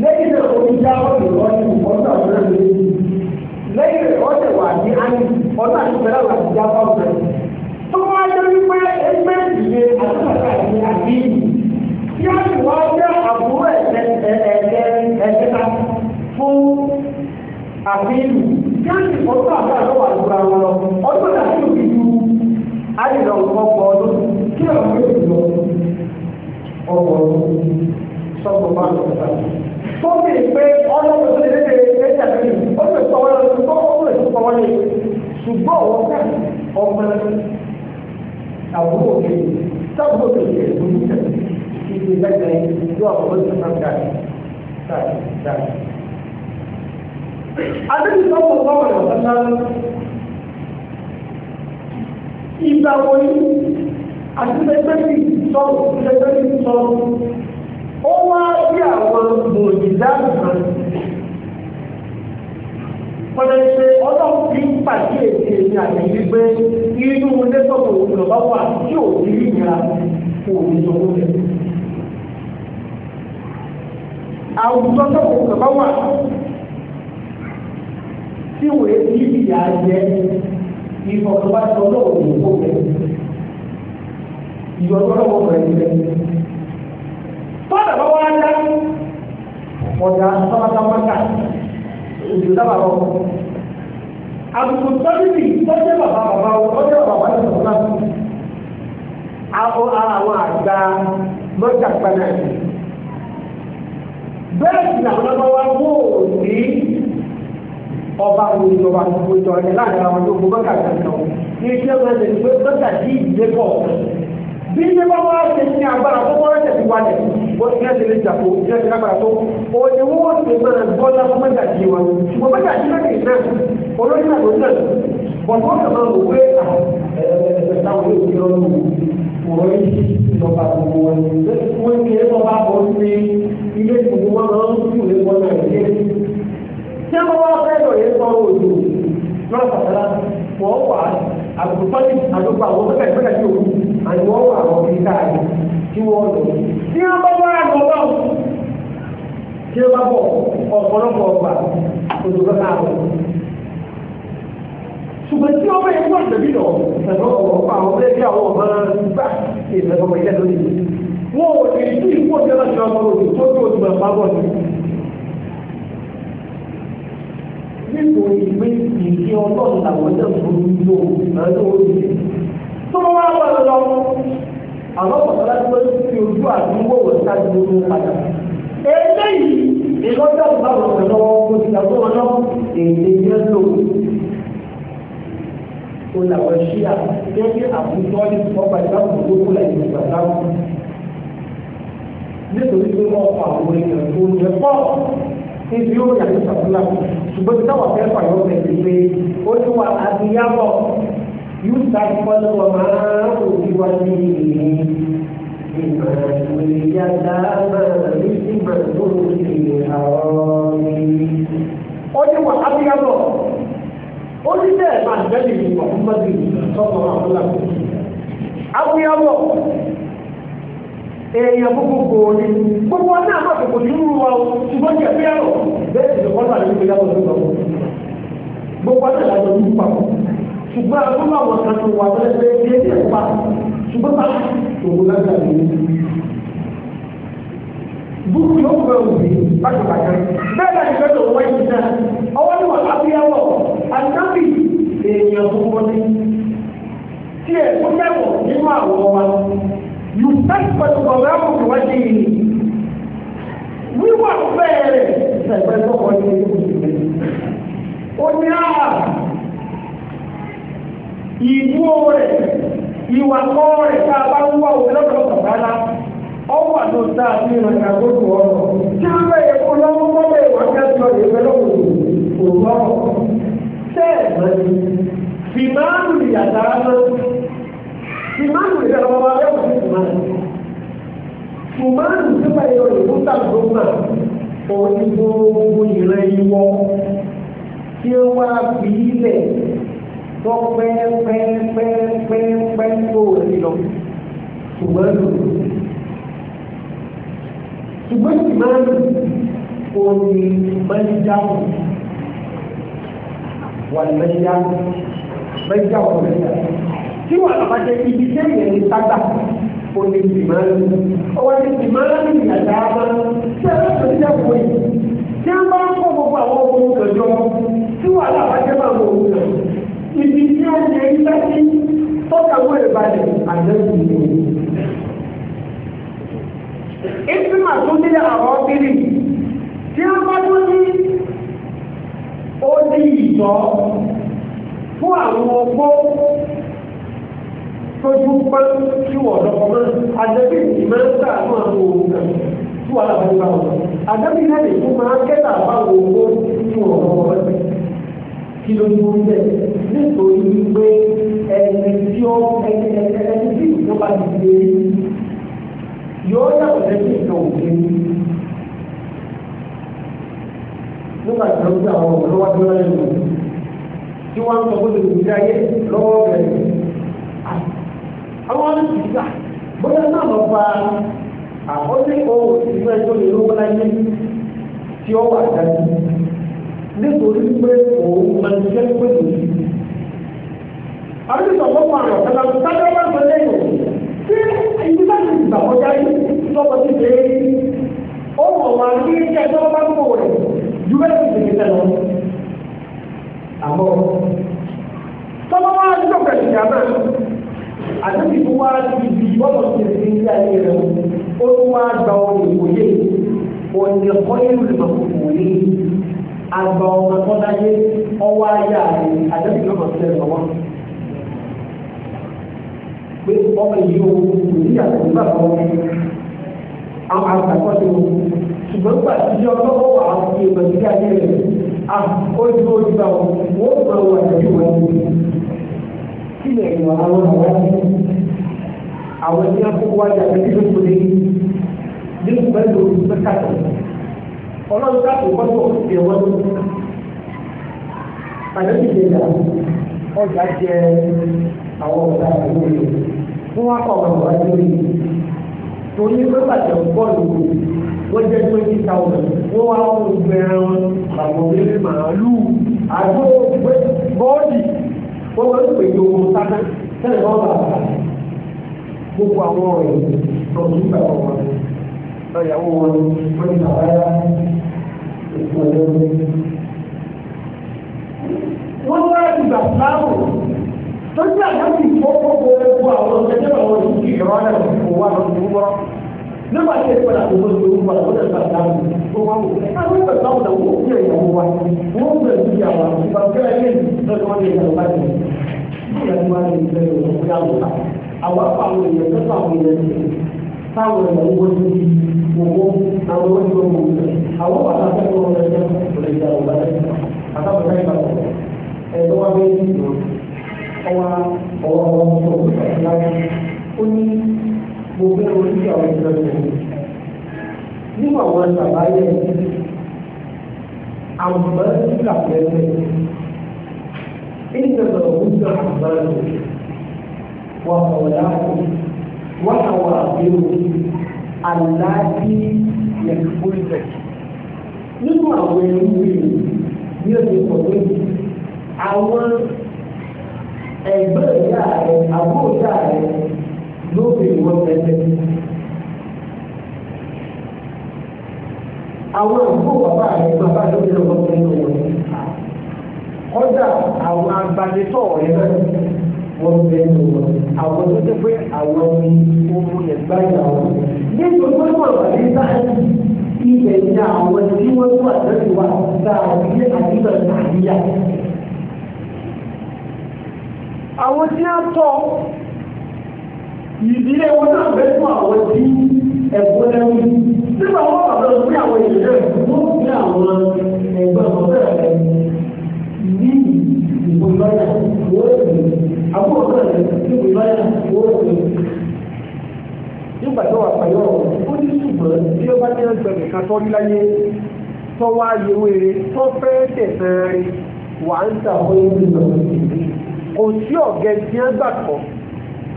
lẹ́yìn náà omi já ọ̀dọ̀ lọ́yìn ọ̀dọ̀ àwọn ẹ̀rọ lẹ́yìn rẹ̀ ọ̀dẹ̀ wà ní àyè ọ̀dọ̀ àti ìpẹ́lẹ̀ wà ní jáfà ọ̀dọ̀ tó wá jẹ́ wípé ẹgbẹ́ ìdílé àtúntàkà àti àfihàn tí a sì wá jẹ́ àbúrò ẹ̀ẹ́dẹ́gbẹ̀ẹ́ àfihàn yóò sì fọ́tò àgbà lọ́wọ́ àdúrà wọn lọ ọdún náà yóò fi ju àyìnlọ ọgbọ ọdún kí ọ̀hún yóò fi lọ ọgbọ ọdún sọ́kọ̀ bá lọ sọ́kọ̀. tó fi pé ọlọ́run tó lè lé ẹ̀ẹ́dẹ́gbẹ̀rẹ́ ẹ̀ẹ́dẹ́gbẹ̀rẹ́ ó lè sọ wọ́n lọ tó ó lè sọ wọ́n lé ṣùgbọ́n ọ̀wọ́ fẹ́ ọmọ àbúrò kejì sábúrò kejì ẹ̀ lóyún tẹ̀lé ìdílé lẹ́gbẹ̀ẹ́ yóò àwọn ọmọ Adébí sọ́kọ̀ sọ́kọ̀ rẹ̀ ọ̀sán náà. Ìgbà wo ni àtúntẹ̀gbẹ́sì sọ̀rọ̀ àtúntẹ̀gbẹ́sì sọ̀rọ̀. Ó wá bí àwọn mòjìdá kan. ọlọ́run fi ń èdè àti inú lẹ́sọ̀tò wà tí ò ní Àwùjọ sọ̀rọ̀ wà tí wòye tí ìyá jẹ ìfọ̀tọ̀báṣọ náà ní kó bẹ ìyọ̀tọ̀ náà wọ́n bẹ̀rẹ̀ bẹ. Fọ́nà bá dá ọ̀dà sábàtàmọ́tà òjò dábàbọ̀. Àbùkù tọ́lìbì tọ́jú bàbá bàbá ọjọ́ bàbá bàbá ti sọ̀rọ̀ náà. Àwọn àwọn àgbà lọ́jà gbaná. Bẹ́ẹ̀ ni àwọn ọmọ wa wò ó ní ọba àwọn ìjọba gbogbo ìjọ ẹ̀ láàrin àwọn tó gbogbo bẹ́ẹ̀ kàkiri lọ. ní iṣẹ́ rẹ̀ lè gbé bẹ́ẹ̀ sí ìdílé pọ̀. bí ilé bá wá ṣe ní agbára tó wọ́n rẹ̀ ti wálẹ̀ ó ti rẹ̀ ti lè jà kó ilé ti lágbára tó. ó ní wọ́n ti bẹ̀rẹ̀ bọ́lá fún bẹ́ẹ̀ kàkiri wọn. ṣùgbọ́n bẹ́ẹ̀ kàkiri náà kì í olóyún náà ló tẹ̀ bọ̀dọ̀ kan wọn ni wọ́n ti ẹ̀ lọ́ba bọ́ sí ilé ìgbìmọ̀ náà ń sùn lé wọn náà tí wá fẹ́ yẹn sọ̀rọ̀ òjò lọ́rọ̀ pàtàlà wọ́n wà àgùntọ́lì àdókò àwọn mẹ́fẹ́ ìfẹ́ kàdí òkú àti wọ́n wà àwọn bíi káàdì tí wọ́n lọ. tí wọ́n bá wá àgbọ̀ náà tí wọ́n bá bọ̀ ọ̀pọ̀lọpọ̀ ọgbà òjò bá náà lọ. ṣùgbọ́n tí wọ́n bá yẹn wọ́n tẹ̀lé lọ ẹ̀rọ ọ̀pọ̀ àwọn mẹ́fẹ́ àwọn ọ̀mọ́ nítorí pé ìdí ọlọ́run làwọn jẹ́ ìṣòro yíyó ìrẹ́lẹ́ orí rẹ̀. tó wọ́n wá wọ́n lọ àwọn kọ̀ọ̀kan láti wọ́n ti fi ojú àdúgbò wọ̀ sáájú lórí padà. eléyìí ìlọ́jọ́ ìbáwọ̀ rẹ̀ lọ́wọ́ kó ti dàgbọ́ wọn lọ èdè yẹn lò ó làwọn ṣí à gẹ́gẹ́ àbújọ́ ní ọgbà ìbáwọ̀ tó kú láì nígbà táwọn nítorí pé wọ́n pa àwọn èèyàn tó ń jẹ níbi yóò yàtọ̀ sàkúlà ṣùgbọ́n tí táwọn fẹ́ fà yóò bẹ̀rẹ̀ pé ó ní wa àdìyàbọ̀ yóò ta ìpọ́nlẹ̀ wọn máa ń kò sí wa ní ìmọ̀ ìyàtà náà ní ìmọ̀ tó ń ṣe àwọn ó ní wa àdìyàbọ̀ ó ní bẹ́ẹ̀ máa gbẹ́lẹ̀ ìmọ̀ fún mọ́tò sọ́kọ̀ àwọn àbúyàbọ̀. èèyàn gbogbogbò ni gbogbo ọdún wa o ṣùgbọ́n bẹ́ẹ̀ náà ló ń gbé yàtọ̀ sí gbogbo ọdún àwọn ọdún papọ̀ ṣùgbọ́n àwọn àwọn kan tó wà lọ́dẹ pa ṣùgbọ́n bá lé ní. búrú yóò fẹ́ òbí bẹ́ẹ̀ láti fẹ́ náà ọwọ́ ni wọ́n yùtẹ́pẹ̀ sọ̀rọ̀ àwọn ìwádìí yìí wíwà fẹ́ẹ̀rẹ̀ sẹ̀pẹ̀ lọ́kọ̀ ní ìlú oní àà ìbú rẹ̀ ìwà kọ́ rẹ̀ tá a bá ń wá òun lọ́dọ̀ sọ̀rọ̀ ọwọ́ àti ọ̀tá àti ìrìnàjò àgbòkò ọ̀rọ̀ tí wọ́n bẹ̀rẹ̀ kó lọ́wọ́ mọ́bẹ̀ ìwà kẹ́sì ọ̀dẹ̀ ìfẹ́ lọ́wọ́ òun lọ́wọ́ sẹ́ẹ̀ mọ́ni fìmáàlù ìyàtà lọ́wọ́ ìmáàlù ìjọba ọba bẹ́ẹ̀ kò sí ìmáàlù. ìmáàlù tó bá yọ ìlú tàbí náà òun ni gbogbo ìran ìwọ tí ó wá fi ilẹ̀ tó pẹ́ẹ́pẹ́ẹ́pẹ́ẹ́pẹ́ tó rí lọ. ṣùgbọ́n lò ṣùgbọ́n ìmáàlù òun ni mẹ́líjáwò wà ní mẹ́líjáwò tí wọn lọ bá jẹ ibi sẹ́yìn ní sábà ó ní tìmọ́lá ọwọ́ ní tìmọ́lá ní ìyàtọ̀ àbá tí a bá tẹ̀lé ìjà wọ̀nyí tí a bá ń kọ́ gbogbo àwọn ọmọ òun kẹjọ tí wọn lọ bá jẹ bá wọn òun kẹ ibi tí a jẹ iṣẹ́ sí tọ́ka wọ ìbàdàn àdéhùn ìlú. ìfimà tó nílẹ̀ àwọn bílì tí a bá tó ní ó ní ìtọ́ fún àwọn ọgbọ́n tójú pẹ́ tí wọ́n lọ́kọ́ mọ́ àdẹ́bí ìdí máa ń àwọn àwọn tí wọ́n làwọn bá wọn náà lè fún máa kẹ́tà àwọn òun tí wọ́n lọ́kọ́ mọ́ kí ló ní oúnjẹ nítorí wípé ẹni tí ó ẹni ẹni tí ìjọba ti gbé yóò yàtọ̀ lẹ́yìn ìjọ òkè nígbà tí wọ́n gbé àwọn ọ̀rọ̀ wájú lẹ́yìn tí wọ́n ń sọ fún ìgbésí ayé lọ́wọ́ àwọn ìgbà bóyá náà lọ fa àkọsí ohun ìgbà tó lè lówó láyé tí ó wà dájú nítorí pé òun máa ń jẹ́ pé kò sí. àdúgbò tó máa rọ̀ kọ́lá sábà máa ń sọ lẹ́yìn tí ibi láti ìgbà kọjá yìí lọ́wọ́ ti dé ó mọ̀ wá ní iṣẹ́ tó bá ń bọ̀ rẹ̀ ju bẹ́ẹ̀ ti tètè lọ. àmọ́ tọ́lọ́wọ́ á dúró pẹ̀lú náà àtàbí tó wá ibi bọ́lọ̀ tó ti ń gbé ayé rẹ̀ ó tó wá gba ọmọ ìwòye òní ẹ̀kọ́ nínú ìmọ̀kùnkùn ní àgbà ọmọ tó dáyé ọwọ́ ayé àrẹ àtàbí tó máa tẹ̀lé ọwọ́. pé ọmọ yìí o kò ní àtàkùn nígbà tó wọ́n àwọn àgbàkọ́ tó wọ́n ṣùgbọ́n gbà tí ọlọ́wọ́ wà á fi ìmọ̀ sí ayé rẹ̀ ó dúró nígbà wọn ó gbà wọn sílẹ̀ ìwà àwọn ọ̀rọ̀ àwọn ẹni akókó wájà ẹni tó kó lé ní pẹ̀lú pẹ́kàtọ̀ ọlọ́run káàkó kọ́tọ̀ ìwọ́n ló pàdánù ìdèjà ọjà jẹ àwọn ọ̀gá ìlú rẹ̀ fún wa kọ̀ ọ̀rọ̀ wájú rẹ̀ torí pé pàtẹ bọ́ọ̀lù wọ́n jẹ́ twenty thousand wọ́n wá wọ́n gbẹ̀rẹ̀ wọn bàbá òwe màálù àgbo bọ́ọ̀lù wọ́n máa ń pè ní ogun sáná wọ́n bá bàtà gbogbo àwọn ọ̀rọ̀ yìí lọ sí ìgbà wọn wọn ìyàwó wọn wọ́n ti bàbá yá ìfún ọjọ́ rẹ̀. wọ́n wá ìgbà láàrú tó jẹ́ àdáṣì ìfọ́kọ́ gbogbo àwọn ọ̀sẹ̀ tẹ́lẹ̀ wọn ìdí ìrọ̀lẹ́ òwò àwọn ìdúgbò nígbà tí èso náà gbogbo ìlú wọn lọ lọ sọ àdáwò tó wọn wò ní àwọn ìgbà tó wọn wò ní ẹ̀yà wọn wá wọn gbà sí àwọn ìgbà kẹrẹ ní lọ́dọ̀ wọn lè lọ bá jẹ ìgbà tí wọn lè lọ lọ fún yàwó ta àwọn afọ àwọn èèyàn tó fọ àwọn èèyàn tó táwọn èèyàn wọ ní owó àwọn owó tó wọ àwọn wà láti ẹ̀kọ́ wọn lọ sí ọ̀rẹ́ ìyàwó bá lẹ àtàwọn náà ìgbà tó ẹ tó wá bẹ́ẹ̀ ní ìlú ọwọ́ ọwọ́ ọwọ́ tó gbogbo oríṣi àwọn ìjọba nínú àwọn ìjọba yẹn àmọ́ nígbà pẹ̀lú ìjọba òwúrọ̀ àmọ́ wà ọ̀la wà àwọn àbẹ̀wò aláàbí yẹ̀kúrẹ́ nínú àwọn ẹ̀rú rẹ̀ ní ọ̀sẹ̀ pọ̀lú àwọn ẹgbẹ́ ìyá rẹ̀ àbúrò ìyá rẹ̀ yóò fi ìwọ tẹ́tẹ́. Àwọn àbúrò bàbá rẹ̀ bàbá rẹ̀ ló lọ́wọ́ nínú wọn. Kọ́dà àwọn agbanitọ́ rẹ̀ náà wọ́n bẹ nù wọn. Àwọn tó ti pé àwọn ni omi ẹ̀gbá ìyàwó. Nítorí wọ́n wà wà ní sáyẹ́ǹsì ibẹ̀ ni àwọn tí wọ́n wà lẹ́yìn wa gba àbíyé àbíyé àbíyá. Àwọn tí a tọ́ ìdílé wọn náà bẹ fún àwọn tí ẹ̀kọ́ lẹ́nu nígbà wọn bàbá lọ sí àwọn ìṣẹ̀lẹ̀ wọn fi àwọn ẹgbẹ́ ọ̀sẹ̀ rẹ̀ ní ìbò ìbáyà wọ́n èdè àbúrò náà rẹ̀ ní ìbò wọ́n èdè. nígbà tó wà pàyọ́ ó ní ṣùgbọ́n bí ó bá jẹ́ ẹgbẹ̀rún kan tó rí láyé tó wá yewere tó fẹ́ tẹ̀sán rí wà ń tàwọn ìlú lọ kò sí ọ̀gẹ̀ tí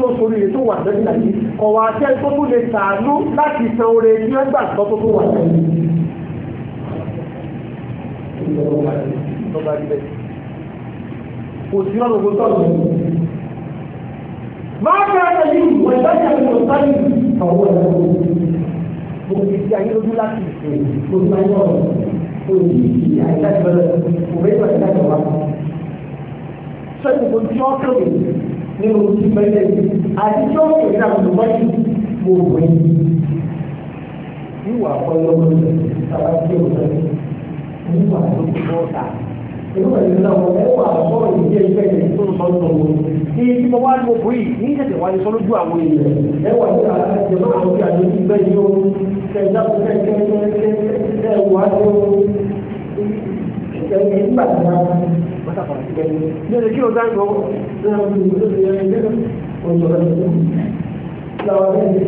tó sórí ètò wà lẹ́yìn àyè ọ̀wà àti ẹni tó tún lè sàánú láti san oore tí wọ́n gbà tó tó tó wà lẹ́yìn. kò sí ọ̀nà ògbó tọ́lù. máa bẹ̀rẹ̀ ẹ̀jẹ̀ yìí wọ́n ìdájọ́ ìwọ̀n sáyìn ọ̀wọ́ ẹ̀rọ mo ti di ayé lójú láti ìpè mo ti máa ń o ọ́ òjì ìyá ìdájọ́ ìbẹ̀rẹ̀ òwe ìgbà ìdájọ́ wa. sẹ́yìn mo ti ọ́ kéwì nínú tí mẹ́lẹ̀ yìí àti tí ó ń pèsè àwọn ọmọ yìí mo wò ó níwà ọlọ́wọ́ rẹ̀ sábà tí ó rẹ̀ níwà tó kọ́ ọ̀tà. Èmi wà ní ọ̀la wọn ẹ̀wà àkọ́ ìdí ẹgbẹ́ yẹn tó ń sọ́nù wọn. Ní ibi mo wá lọ bùrì ní ìṣẹ̀tẹ̀ wá ní sọ lójú àwọn èèyàn. Ẹ̀wà ní àjẹ́ náà wọ́n fi àjẹ́ ìgbẹ́ yìí ó kẹjá ìṣẹ̀lẹ̀ ẹni. kí o dá ìgbọ́ lọ́wọ́ ní ìlú tó yẹ ẹgbẹ́ oṣù ọ̀rẹ́ lọ́wọ́ ẹni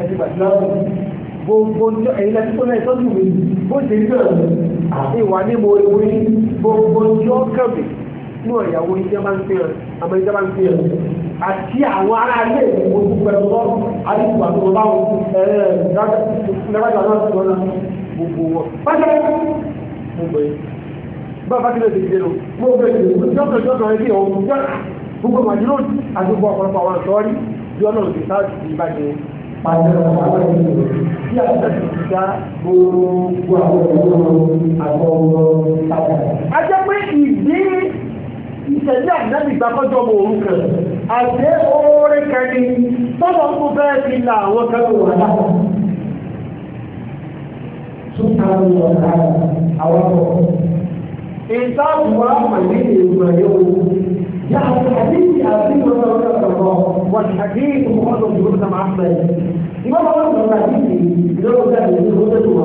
ẹni gbàdúrà gbogbo ẹ̀yin ní ọ̀yàwó iṣẹ́ àti àwọn ará ilé ìwòsàn pẹ̀lú lọ́wọ́ àdìgbò àti ọba wọn ẹ̀ẹ́dẹ́gbẹ̀ta náà ti gbogbo wọn bàbá kí ló ti dìde lò mo bẹ jọ́tọ̀ jọ́tọ̀ rẹ bí òun jọ́ gbogbo màjúlò àdúgbò ọ̀pọ̀lọpọ̀ àwọn àtọ́rí bí ọlọ́run ti sá ti ìbàjẹ́ pàṣẹ àwọn ènìyàn tí àṣẹ a jẹ́ pé ìdí ìṣẹ̀lẹ̀ àdáni ìgbàkọ́jọ́ ọmọ òru kan àti oore kẹni tọ́lọ̀ ń kó bẹ́ẹ̀ ti la àwọn kan lò wọ́n lápá. Tún àwọn ọ̀rọ̀ àwọn ọ̀rọ̀ ìta wà pẹ̀lú ìgbà yóò yà àdìsí àti ìgbà yóò kọ̀kọ̀ wà àdìsí mọ́tò ìgbà yóò máa fẹ́. ìgbà wọn lọ sọ̀rọ̀ àdìsí ìdọ́rọ̀ bẹ́ẹ̀ ní ìlú tó tó wà.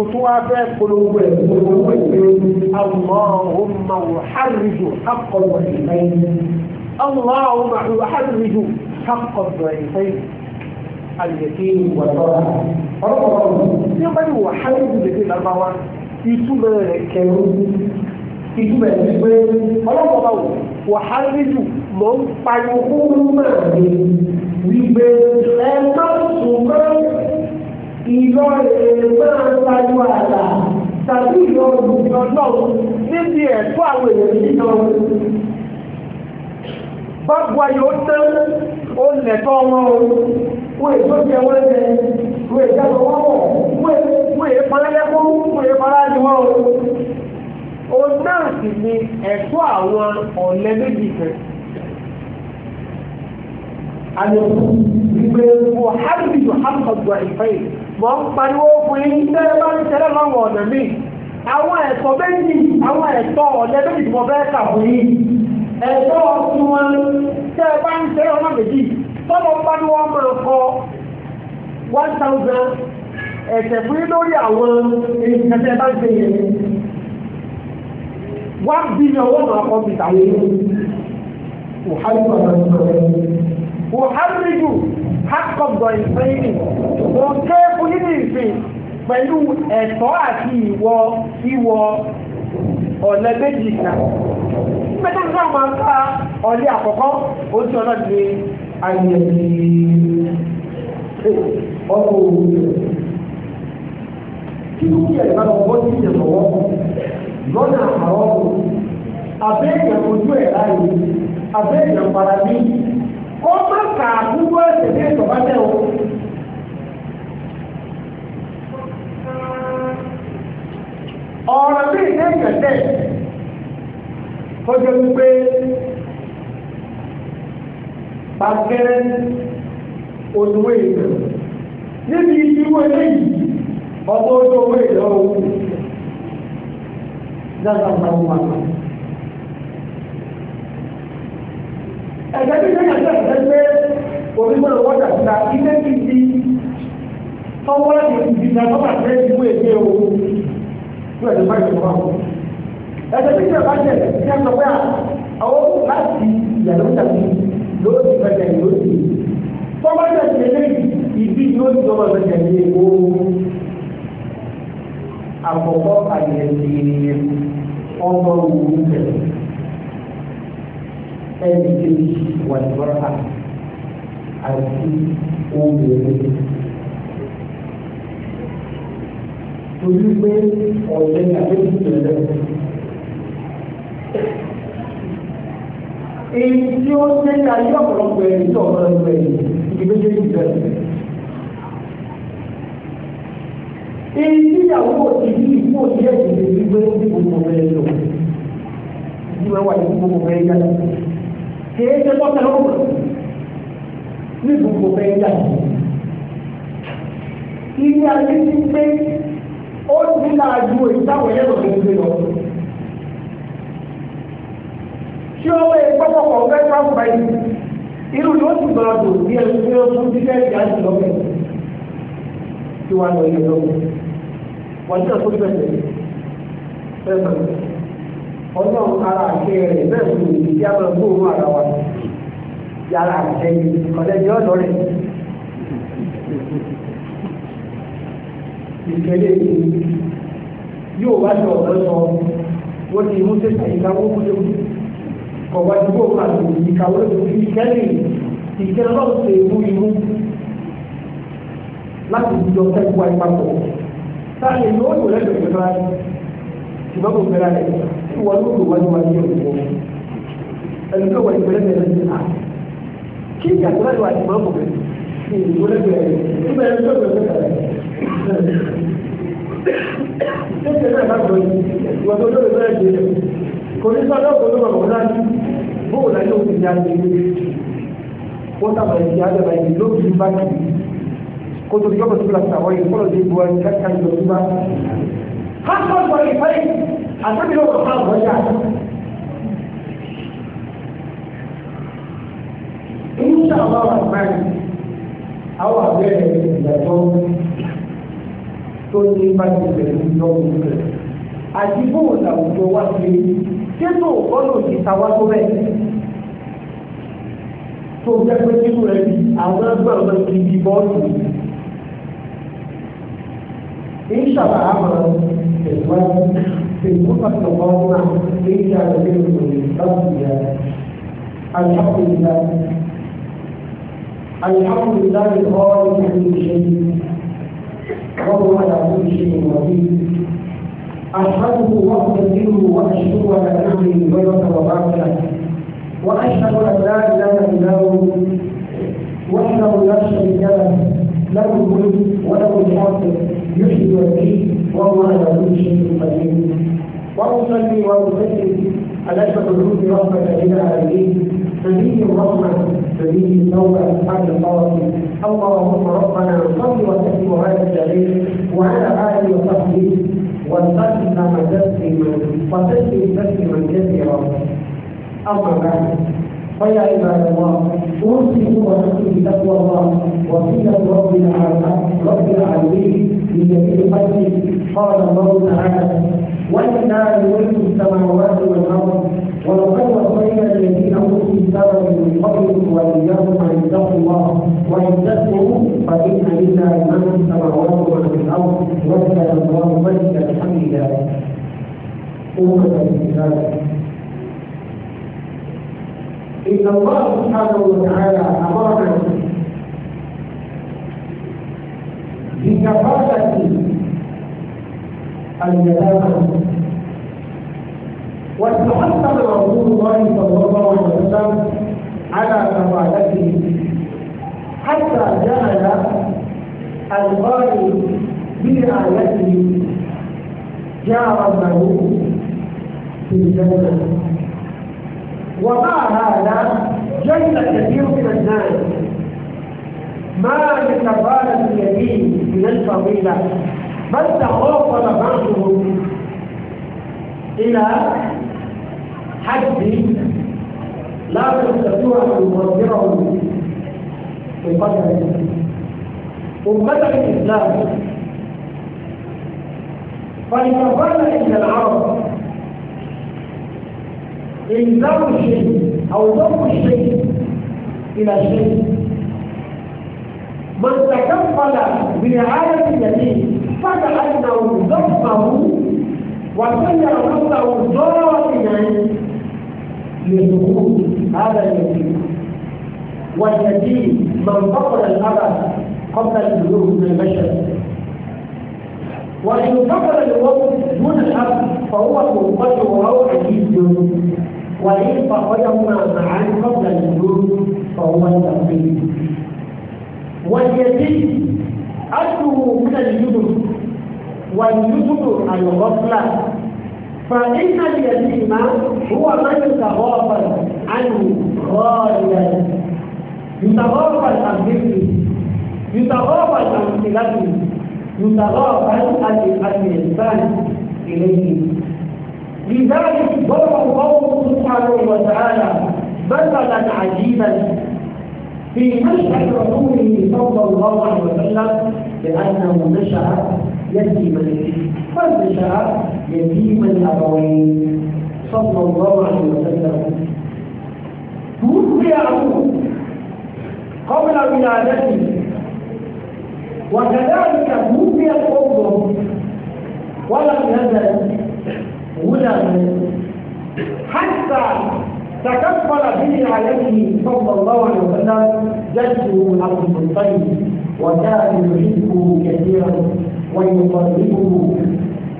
ọmọ ọ̀rọ̀ rẹ̀ حق الضعيفين اليتيم والضرع ọlọ́pàá tí ó bá ní wà hálẹ́ ìdílé lárúbáwá ìtumọ̀ rẹ̀ kẹrù ìtumọ̀ rẹ̀ pé ọlọ́pàá wò wà hálẹ́ jù mọ̀ ń pariwo fún mẹ́rin mi wípé ẹ má sùn mọ́ ìlọ rẹ̀ máa ń pariwo àlà tàbí ìlọ olùdíjọ náà níbi ẹ̀tọ́ àwọn èèyàn yìí náà bá bu ayọ̀ tán. ó lẹ̀tọ́ wọn o wọ́n èso jẹ wọ́n jẹ wọ́n wọ́n wọ́n o. o náà sì ni ẹ̀tọ́ àwọn ọ̀lẹ́ méjì fẹ́. àyẹ̀wò ìgbẹ́ ìfẹ́ yìí pariwo fún yín tẹ́lẹ̀ bá ń tẹ́lẹ̀ àwọn ẹ̀tọ́ méjì àwọn ẹ̀tọ́ ọ̀lẹ́ méjì tí mo fẹ́ ẹ̀tọ́ ọ̀sùn wọn tẹ́ ẹ bá ń tẹ́ ọmọ méjì tọ́lọ́ bá ní wọ́n máa kọ one thousand ẹ̀sẹ̀ fún lórí àwọn ìrìnkẹ́tẹ́ bá ń ṣe yẹn one billion wọ́n máa kọ́ bí tàwọn èèyàn wòhálì kọ́ ọ̀rọ̀ ìṣòro wòhálì jù hákọ̀gbọ̀ ìfẹ́yìn òkè fún yìí nìfẹ́ pẹ̀lú ẹ̀tọ́ àti ìwọ ìwọ ọ̀nà méjì kan mẹ́ta nígbà máa ń ká ọ̀lẹ́ àkọ́kọ́ oṣù ọ̀nà ti ayé ọkọ̀ òwúrọ̀ kí ló ń yẹ ìgbà lọ́wọ́ sí ìyẹn lọ́wọ́ lọ́nà àwọn ọ̀rọ̀ àbẹ́yẹ̀ ojú ẹ̀ láàyè àbẹ́yẹ̀ paradí kọ́ máa kà á gbogbo ẹ̀sẹ̀ ní ìtọ́bátẹ́ o. ọ̀rọ̀ bí ìdá ìgbẹ̀tẹ̀ ó jẹ́ wípé pàṣẹrẹ òṣùwé ìlú níbi ìdíwó eléyìí ọgbọ́n ojú owó ìlú ọ̀hún dáadáa táwọn máa lọ. ẹ̀jẹ̀ bí ìdá ìgbẹ̀tẹ̀ ẹ̀jẹ̀ pé onígbọ̀nà wọ́n dàgbà ilé ti di tọ́wọ́ ìdìbò ìdìbò àtọ́kà tẹ́lẹ̀ ìwé tí wọ́n ti bá ìṣòro àwọn ọmọ. ẹ̀sẹ̀ tí ìjọba jẹ kí a sọ pé àwọn láti ìyàlọ́ tàbí ló ti bẹ̀rẹ̀ yóò ti. tọ́gbà jẹ́ ti lé ibi yóò ti tọ́gbà bẹ̀rẹ̀ ní epo àkọ́kọ́ àyẹ̀sí ọmọ òwú tẹ̀lé ẹni kejì wà ní bọ́lá àti obìnrin. torí pé ọ̀lẹ́ ní àbẹ́jú tẹ̀lé. Èyí tí ó ṣe ní ayé ọ̀pọ̀lọpọ̀ ẹ̀yìn tí ọ̀rọ̀ ẹ̀rọ ẹ̀yìn ibi méjèèjì bẹ̀rẹ̀. Èyí tí ìyàwó òsì ní ìlú òsì ẹ̀sìn lè fi gbé ní gbogbo ọ̀rẹ́ lò. Ìdí mẹ́wàá ní gbogbo ọ̀rẹ́ yá. Kèé ṣe tọ́tẹ̀ lọ́wọ́ ní gbogbo ọ̀rẹ́ yá. Ilé ayé ti pé ó ní náà ju èyí táwọn ẹlẹ́rọ tó ń gbé lọ. tí ó wé pọ́pọ́pọ́ fẹ́ sáwọn báyìí irú ni ó sì gbọ́dọ̀ tó bí ẹni tí ó tún ti fẹ́ẹ́ yá sí lọ́kẹ́ tí wàá lọ yẹ lọ́wọ́ wọ́n ti sọ fẹ́ fẹ́ fẹ́ ọlọ́run ara àṣẹ rẹ̀ bẹ́ẹ̀ sì ní ìdí àbẹ̀wò ara wa yàrá àṣẹ yìí kọ̀lẹ́jì ọ̀dọ́ rẹ̀. ìkẹlẹ̀ èyí yóò wá sọ ọ̀rọ̀ sọ wọ́n ti mú sẹ́sà ìkáwó kúlẹ̀ kọ̀wá tí kò kà lù ìkáwó ìkẹlẹ̀ ìkẹlẹ̀ náà ṣe mú imú láti jọ kẹ́kọ̀ọ́ ìpapọ̀ táyà yóò yóò lẹ́gbẹ̀ẹ́ fẹ́ báyìí ṣùgbọ́n kò fẹ́ra rẹ̀ tí wọ́n ló lò wájú wájú yóò wọ́ ẹni tó wọ ìpínlẹ̀ bẹ̀rẹ̀ sí à kí ìyàtọ̀ láti wájú máa bẹ̀rẹ̀ sí ìwọlẹ́gbẹ̀ẹ́ rẹ̀ Ṣé ìṣẹ̀lẹ̀ náà gbọ́ yìí? Ìwọ̀n tó lórí bẹ́ẹ̀ ṣe rẹ̀. Kò ní sọ lọ́pọ̀ ló bàbá náà ní bóò láyé òfin ní àti ilé. Wọ́n sábà ń ṣe àjọba ìlú lóògì bá kì í. Kó tó yọ̀bọ̀ tó la sàwọ́ yìí kọ́lọ̀ dé ìbúwa ìkáka ìjọba bá. Ká sọ ìgbà ìfẹ́ àtẹ́bí ló kọ̀ káàbọ̀ yá. Inú sábà wà báyìí, àwọn àbẹ̀rẹ̀ ìgbàgbọ́ tó ní bá ti bẹ̀rẹ̀ ní ọ̀hún rẹ̀. àti bóun làwùjọ wá sí i ṣé tó ọ̀nà òsì tàwa tó bẹ̀ tó jẹ́ pé nínú rẹ̀ bí àwọn agbára ti di bọ́ọ̀lù. ìṣàlà àmọ́ tẹ̀síwájú tẹ̀síwájú pàtàkì ọ̀gbọ́n náà èyí àti ẹgbẹ́ ìròyìn láti yẹ الحمد لله الحمد لله الخالق من وهو على كل شيء وكيل أشهده وأستجيبه وأشهد على نعمه بيضة وبركة وأشهد أن لا إله إلا هو وحده لا شريك له له الملك وله الحق يحيي ويميت وهو على كل شيء قدير وأصلي وأسلم على شكر رحمة إلى العالمين نبي الرحمة به فوق أصحاب القاسم اللهم ربنا صل وسلم وبارك عليه وعلى آله وصحبه وسلم تسليما وسلم تسليما كثيرا أما بعد فيا عباد الله أوصي ونفسي بتقوى الله وصيه رب العالمين رب العالمين لجميع قلبي قال الله تعالى ولله ملك السماوات والارض ولقد وصينا الذين أن الله وإن تكفروا فإن لله من السماوات ومن في الأرض وكان الله ملكا حميدا أمة إن الله سبحانه وتعالى أمرنا بكفالة اليتامى أثر رسول الله صلى الله عليه وسلم على كفالته حتى جعل القارئ برعايته جارا له في الجنة ومع هذا جل كثير من الناس ما لكفالة اليمين من الفضيلة بل تغافل بعضهم إلى حد لا تستطيع أن يغيره بقدر أمة الإسلام فلتظل إن العرب إنذار الشيء أو ضم الشيء إلى شيء من تكفل برعاية اليتيم فجعلنه ضمه وسير نفسه ضامنا لسقوط هذا اليتيم واليتيم من فقد الأب قبل البلوغ من البشر وإن فقد الوقت دون الأب فهو منقطع وهو عزيز وإن فقدهما معا قبل البلوغ فهو التقليد واليتيم أصله من الجبن والجبن الغفلة فإن اليتيم غالبا يتغافل عن ذكره يتغافل عن صلته يتغافل عن الإحسان إليه لذلك ضرب الله سبحانه وتعالى مثلا عجيبا في مشهد رسوله صلى الله عليه وسلم لأنه نشأ يتيما نشا يتيما أبوين صلى الله عليه وسلم توفي أبوه قبل ولادته وكذلك توفي أمه ولم يزل ولدا حتى تكفل به عليه صلى الله عليه وسلم جده أبو الطيب وكان يحبه كثيرا ويقربه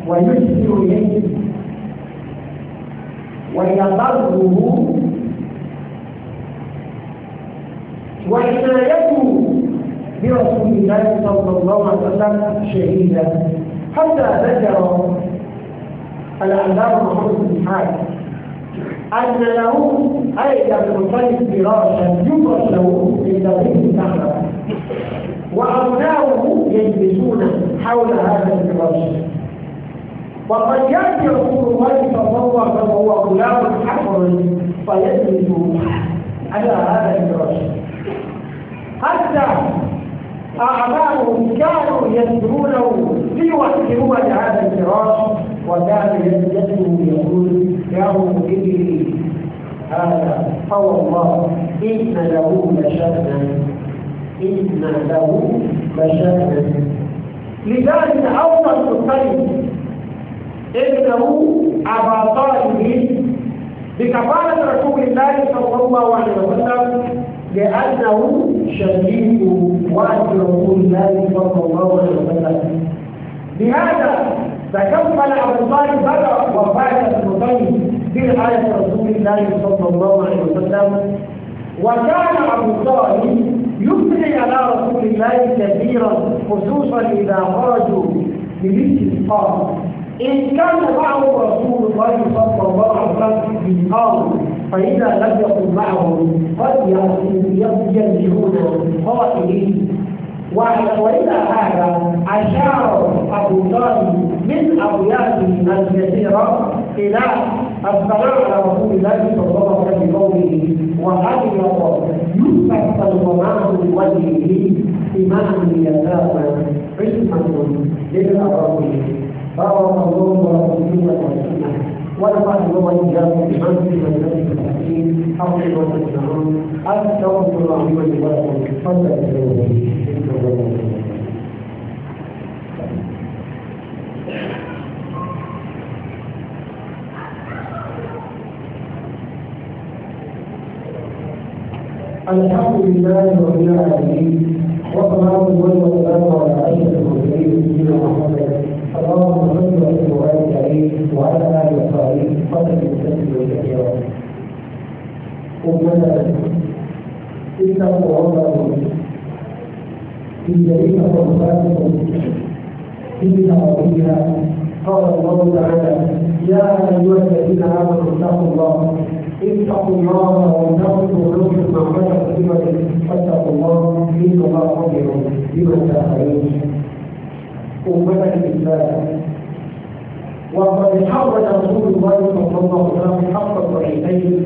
ويسر إليه ويقربه وعنايته برسول الله صلى الله عليه وسلم شهيدا حتى ذكر الأعلام محمد بن حاتم أن له أيضا المطلب فراشا يفرش له في دورين الصحراء وأبناؤه يجلسون حول هذا الفراش وقد يأتي رسول الله صلى الله عليه وسلم وهو غلام حفر فيجلس على هذا الفراش حتى أعمالهم كانوا وقت ليوحدوه لهذا الفراش وكان يدعو يقول يا مؤمني هذا فوالله إن له لشأنا إن له لشأنا لذلك أوصى الطيب إنه أبا طالب بكفالة رسول الله صلى الله عليه وسلم لأنه شديد وعد رسول الله صلى الله عليه وسلم بهذا تكفل عبد الله بدر وفاة المطيب برعاية رسول الله صلى الله عليه وسلم وكان عبد الله يثني على رسول الله كثيرا خصوصا اذا خرجوا بالاستسقاء ان كان معه رسول الله صلى الله عليه وسلم بالارض فإذا لم يكن معهم فليرجعون قائلين وإلى هذا أشار أبو طالب من أبياته الكثيرة إلى الصلاة على رسول الله صلى الله عليه وسلم بقوله وأبيض يسقط الظمام من وجهه إماما يساما علما للأراضي رواه الله ورسوله وسلم what if i come to me. الحمد لله رب العالمين وصلاة وسلام على أشرف المرسلين سيدنا محمد فرواه مسلم عن البخاري عليه وعلى اله وصحبه قدر المسلم كثيرا أمنا إنه عمر في جريمة وفاته في ربها قال الله تعالى يا أيها الذين آمنوا اتقوا الله اتقوا الله وانتقوا قلوبكم ما ملكت بما اتقوا الله إن الله خبير بما تعملون قوة الإسلام وقد حرج رسول الله صلى الله عليه وسلم حق الصحيحين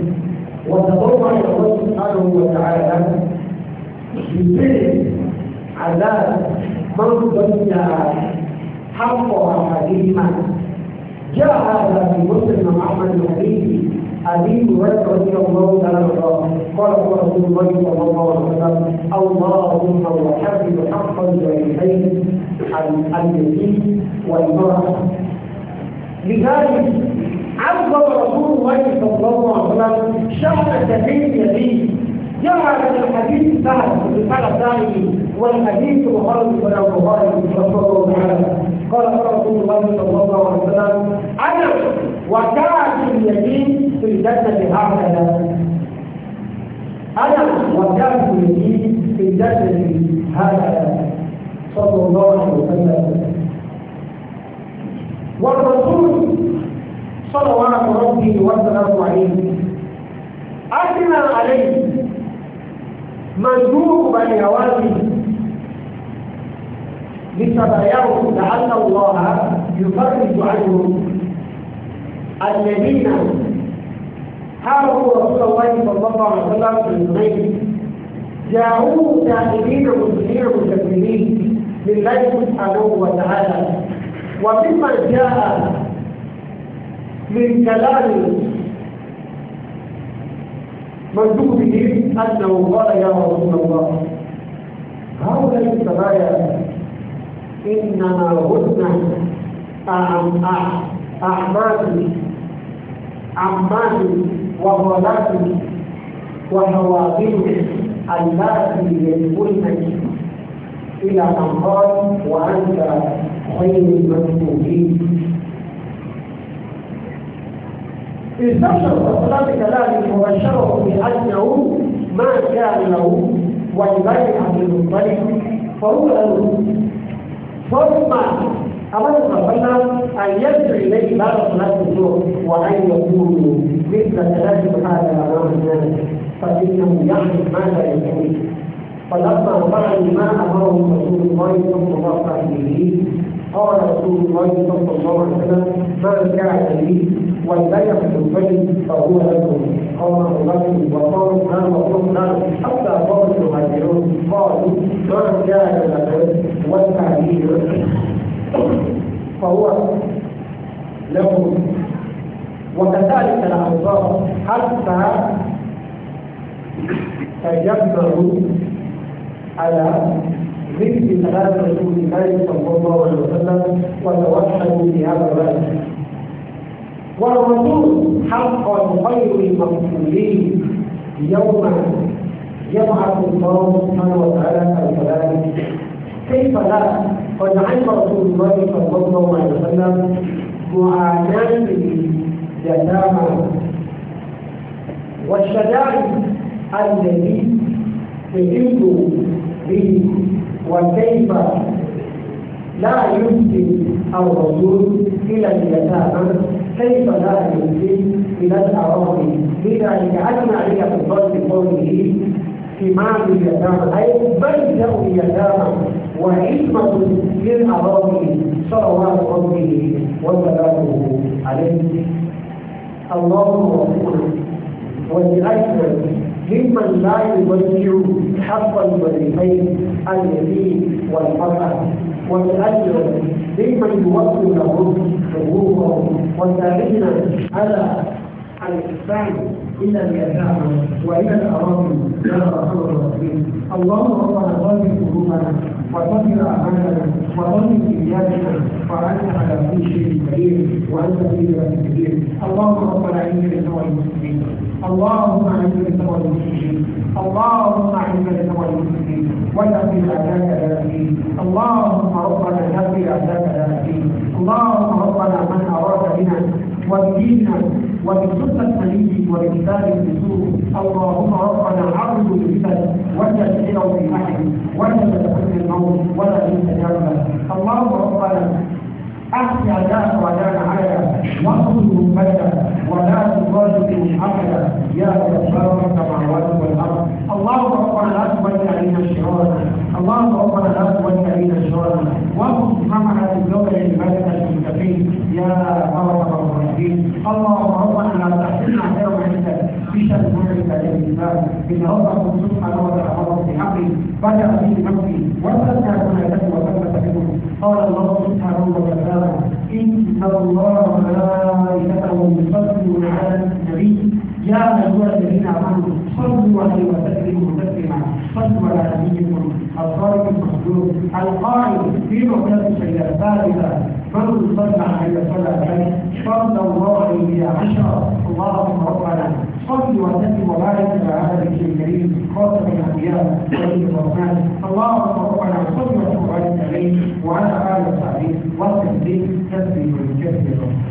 وتضرع إلى الله سبحانه وتعالى بفعل عذاب من ضيع حق أحدهما جاء هذا في مسلم أحمد الحديث أبي هريرة رضي الله تعالى عنه قال رسول الله صلى الله عليه وسلم اللهم وحفظ حق الضعيفين اليمين والمرأة لذلك عبر رسول الله صلى الله عليه وسلم شهر تحيي النبي جعل الحديث سهل بسهل ثاني والحديث مخالف ولا مخالف رسول الله تعالى قال رسول الله صلى الله عليه وسلم انا وكعب اليمين في الجنة هكذا انا وكعب اليمين في الجنة هكذا صلى الله عليه وسلم والرسول صلوات ربي وسلامه عليه أثنى عليه مندوب بن نوازل لتبايعهم لعل الله يفرج عنهم الذين حاربوا رسول الله صلى الله عليه وسلم في الغيب جاءوه تائبين مسلمين مكذبين لله سبحانه وتعالى ومما جاء من كلام مندوبه انه قال يا رسول الله هؤلاء السرايا انما هن اعمال عمان وغلات وحواضر اللاتي يدخلن إلى أن قال وأنت خير المكتوبين استبشر الصلاة كذلك وبشره بأنه ما كان له ولبني عبد المطلب فهو له ثم أمر ربنا أن يدعو إليه بعد صلاة الظهر وأن يقول مثل ثلاث هذا أمام الناس فإنه يعلم ماذا يقول فلما فعلوا ما امرهم رسول الله صلى الله عليه وسلم قال رسول الله صلى الله عليه وسلم ما جعل لي والبيع في فهو لكم قال لكم وقالوا ما وقلنا حتى قال المهاجرون قالوا ما كان لكم والتعبير فهو لكم وكذلك الأنصار حتى تجبروا على ذكر كلام رسول الله صلى الله عليه وسلم وتوحدوا في هذا الباب. والرسول حقا خير المقتولين يوما يبعث الله سبحانه وتعالى الكلام كيف لا قد علم رسول الله صلى الله عليه وسلم معاناة اليتامى والشدائد التي فهمت به وكيف لا يمكن الرسول إلى اليتامى كيف لا يمكن إلى الأراضي لذلك أجمع لي في ضد قوله إمام اليتامى أي ملجأ اليتامى وعلمة للأراضي صلوات ربه وسلامه عليه اللهم وفقنا واجعلنا ممن لا يوزع حق الوظيفين اليمين والفتح وتأجر ممن يوكل لهم حقوقهم وتعين على الإحسان إلى اليتامى وإلى الأراضي يا رسول الرحيم اللهم ربنا غافر قلوبنا وطهر أعمالنا وطهر نياتنا وأنت على كل شيء قدير وأنت في الكبير اللهم ربنا إنك نوع اللهم اعز الاسلام والمسلمين اللهم اعز الاسلام والمسلمين ودمر اعداءك الاخرين اللهم ربنا دمر اعداءك الاخرين اللهم ربنا من اراد بنا وبديننا وبسنة نبيك وبكتاب الرسول اللهم ربنا عرض الفتن ولا تحيره في احد ولا تتفكر الموت ولا تنسى اللهم ربنا احيا ذاك ولا على واخذوا مدى ولا تبادلوا ابدا يا جبار السماوات والارض اللهم ربنا لا تولي علينا شرارنا اللهم ربنا لا تولي علينا شرارنا واخذ سمعنا بالدولة لعبادك المتقين يا ارحم الراحمين اللهم ربنا لا تحسنا خير عندك بشر مرك للإنسان إن ربكم سبحانه وتعالى بحقه بدأ في نفسي وسلك كل يده قال الله سبحانه وتعالى إن الله ملائكته يصلون على النبي يا أيها الذين آمنوا صلوا عليه وسلموا تسليما صلوا على نبيكم الصادق المخلوق القائل في مقلة الشيء الثالثة من صلى عليه صلاة فرض الله عليه عشرة اللهم ربنا صل وسلم وبارك على هذا الكريم خاتم الانبياء سيد الرحمن اللهم ربنا صل وسلم وبارك عليه وعلى اله وصحبه وسلم تسليما كثيرا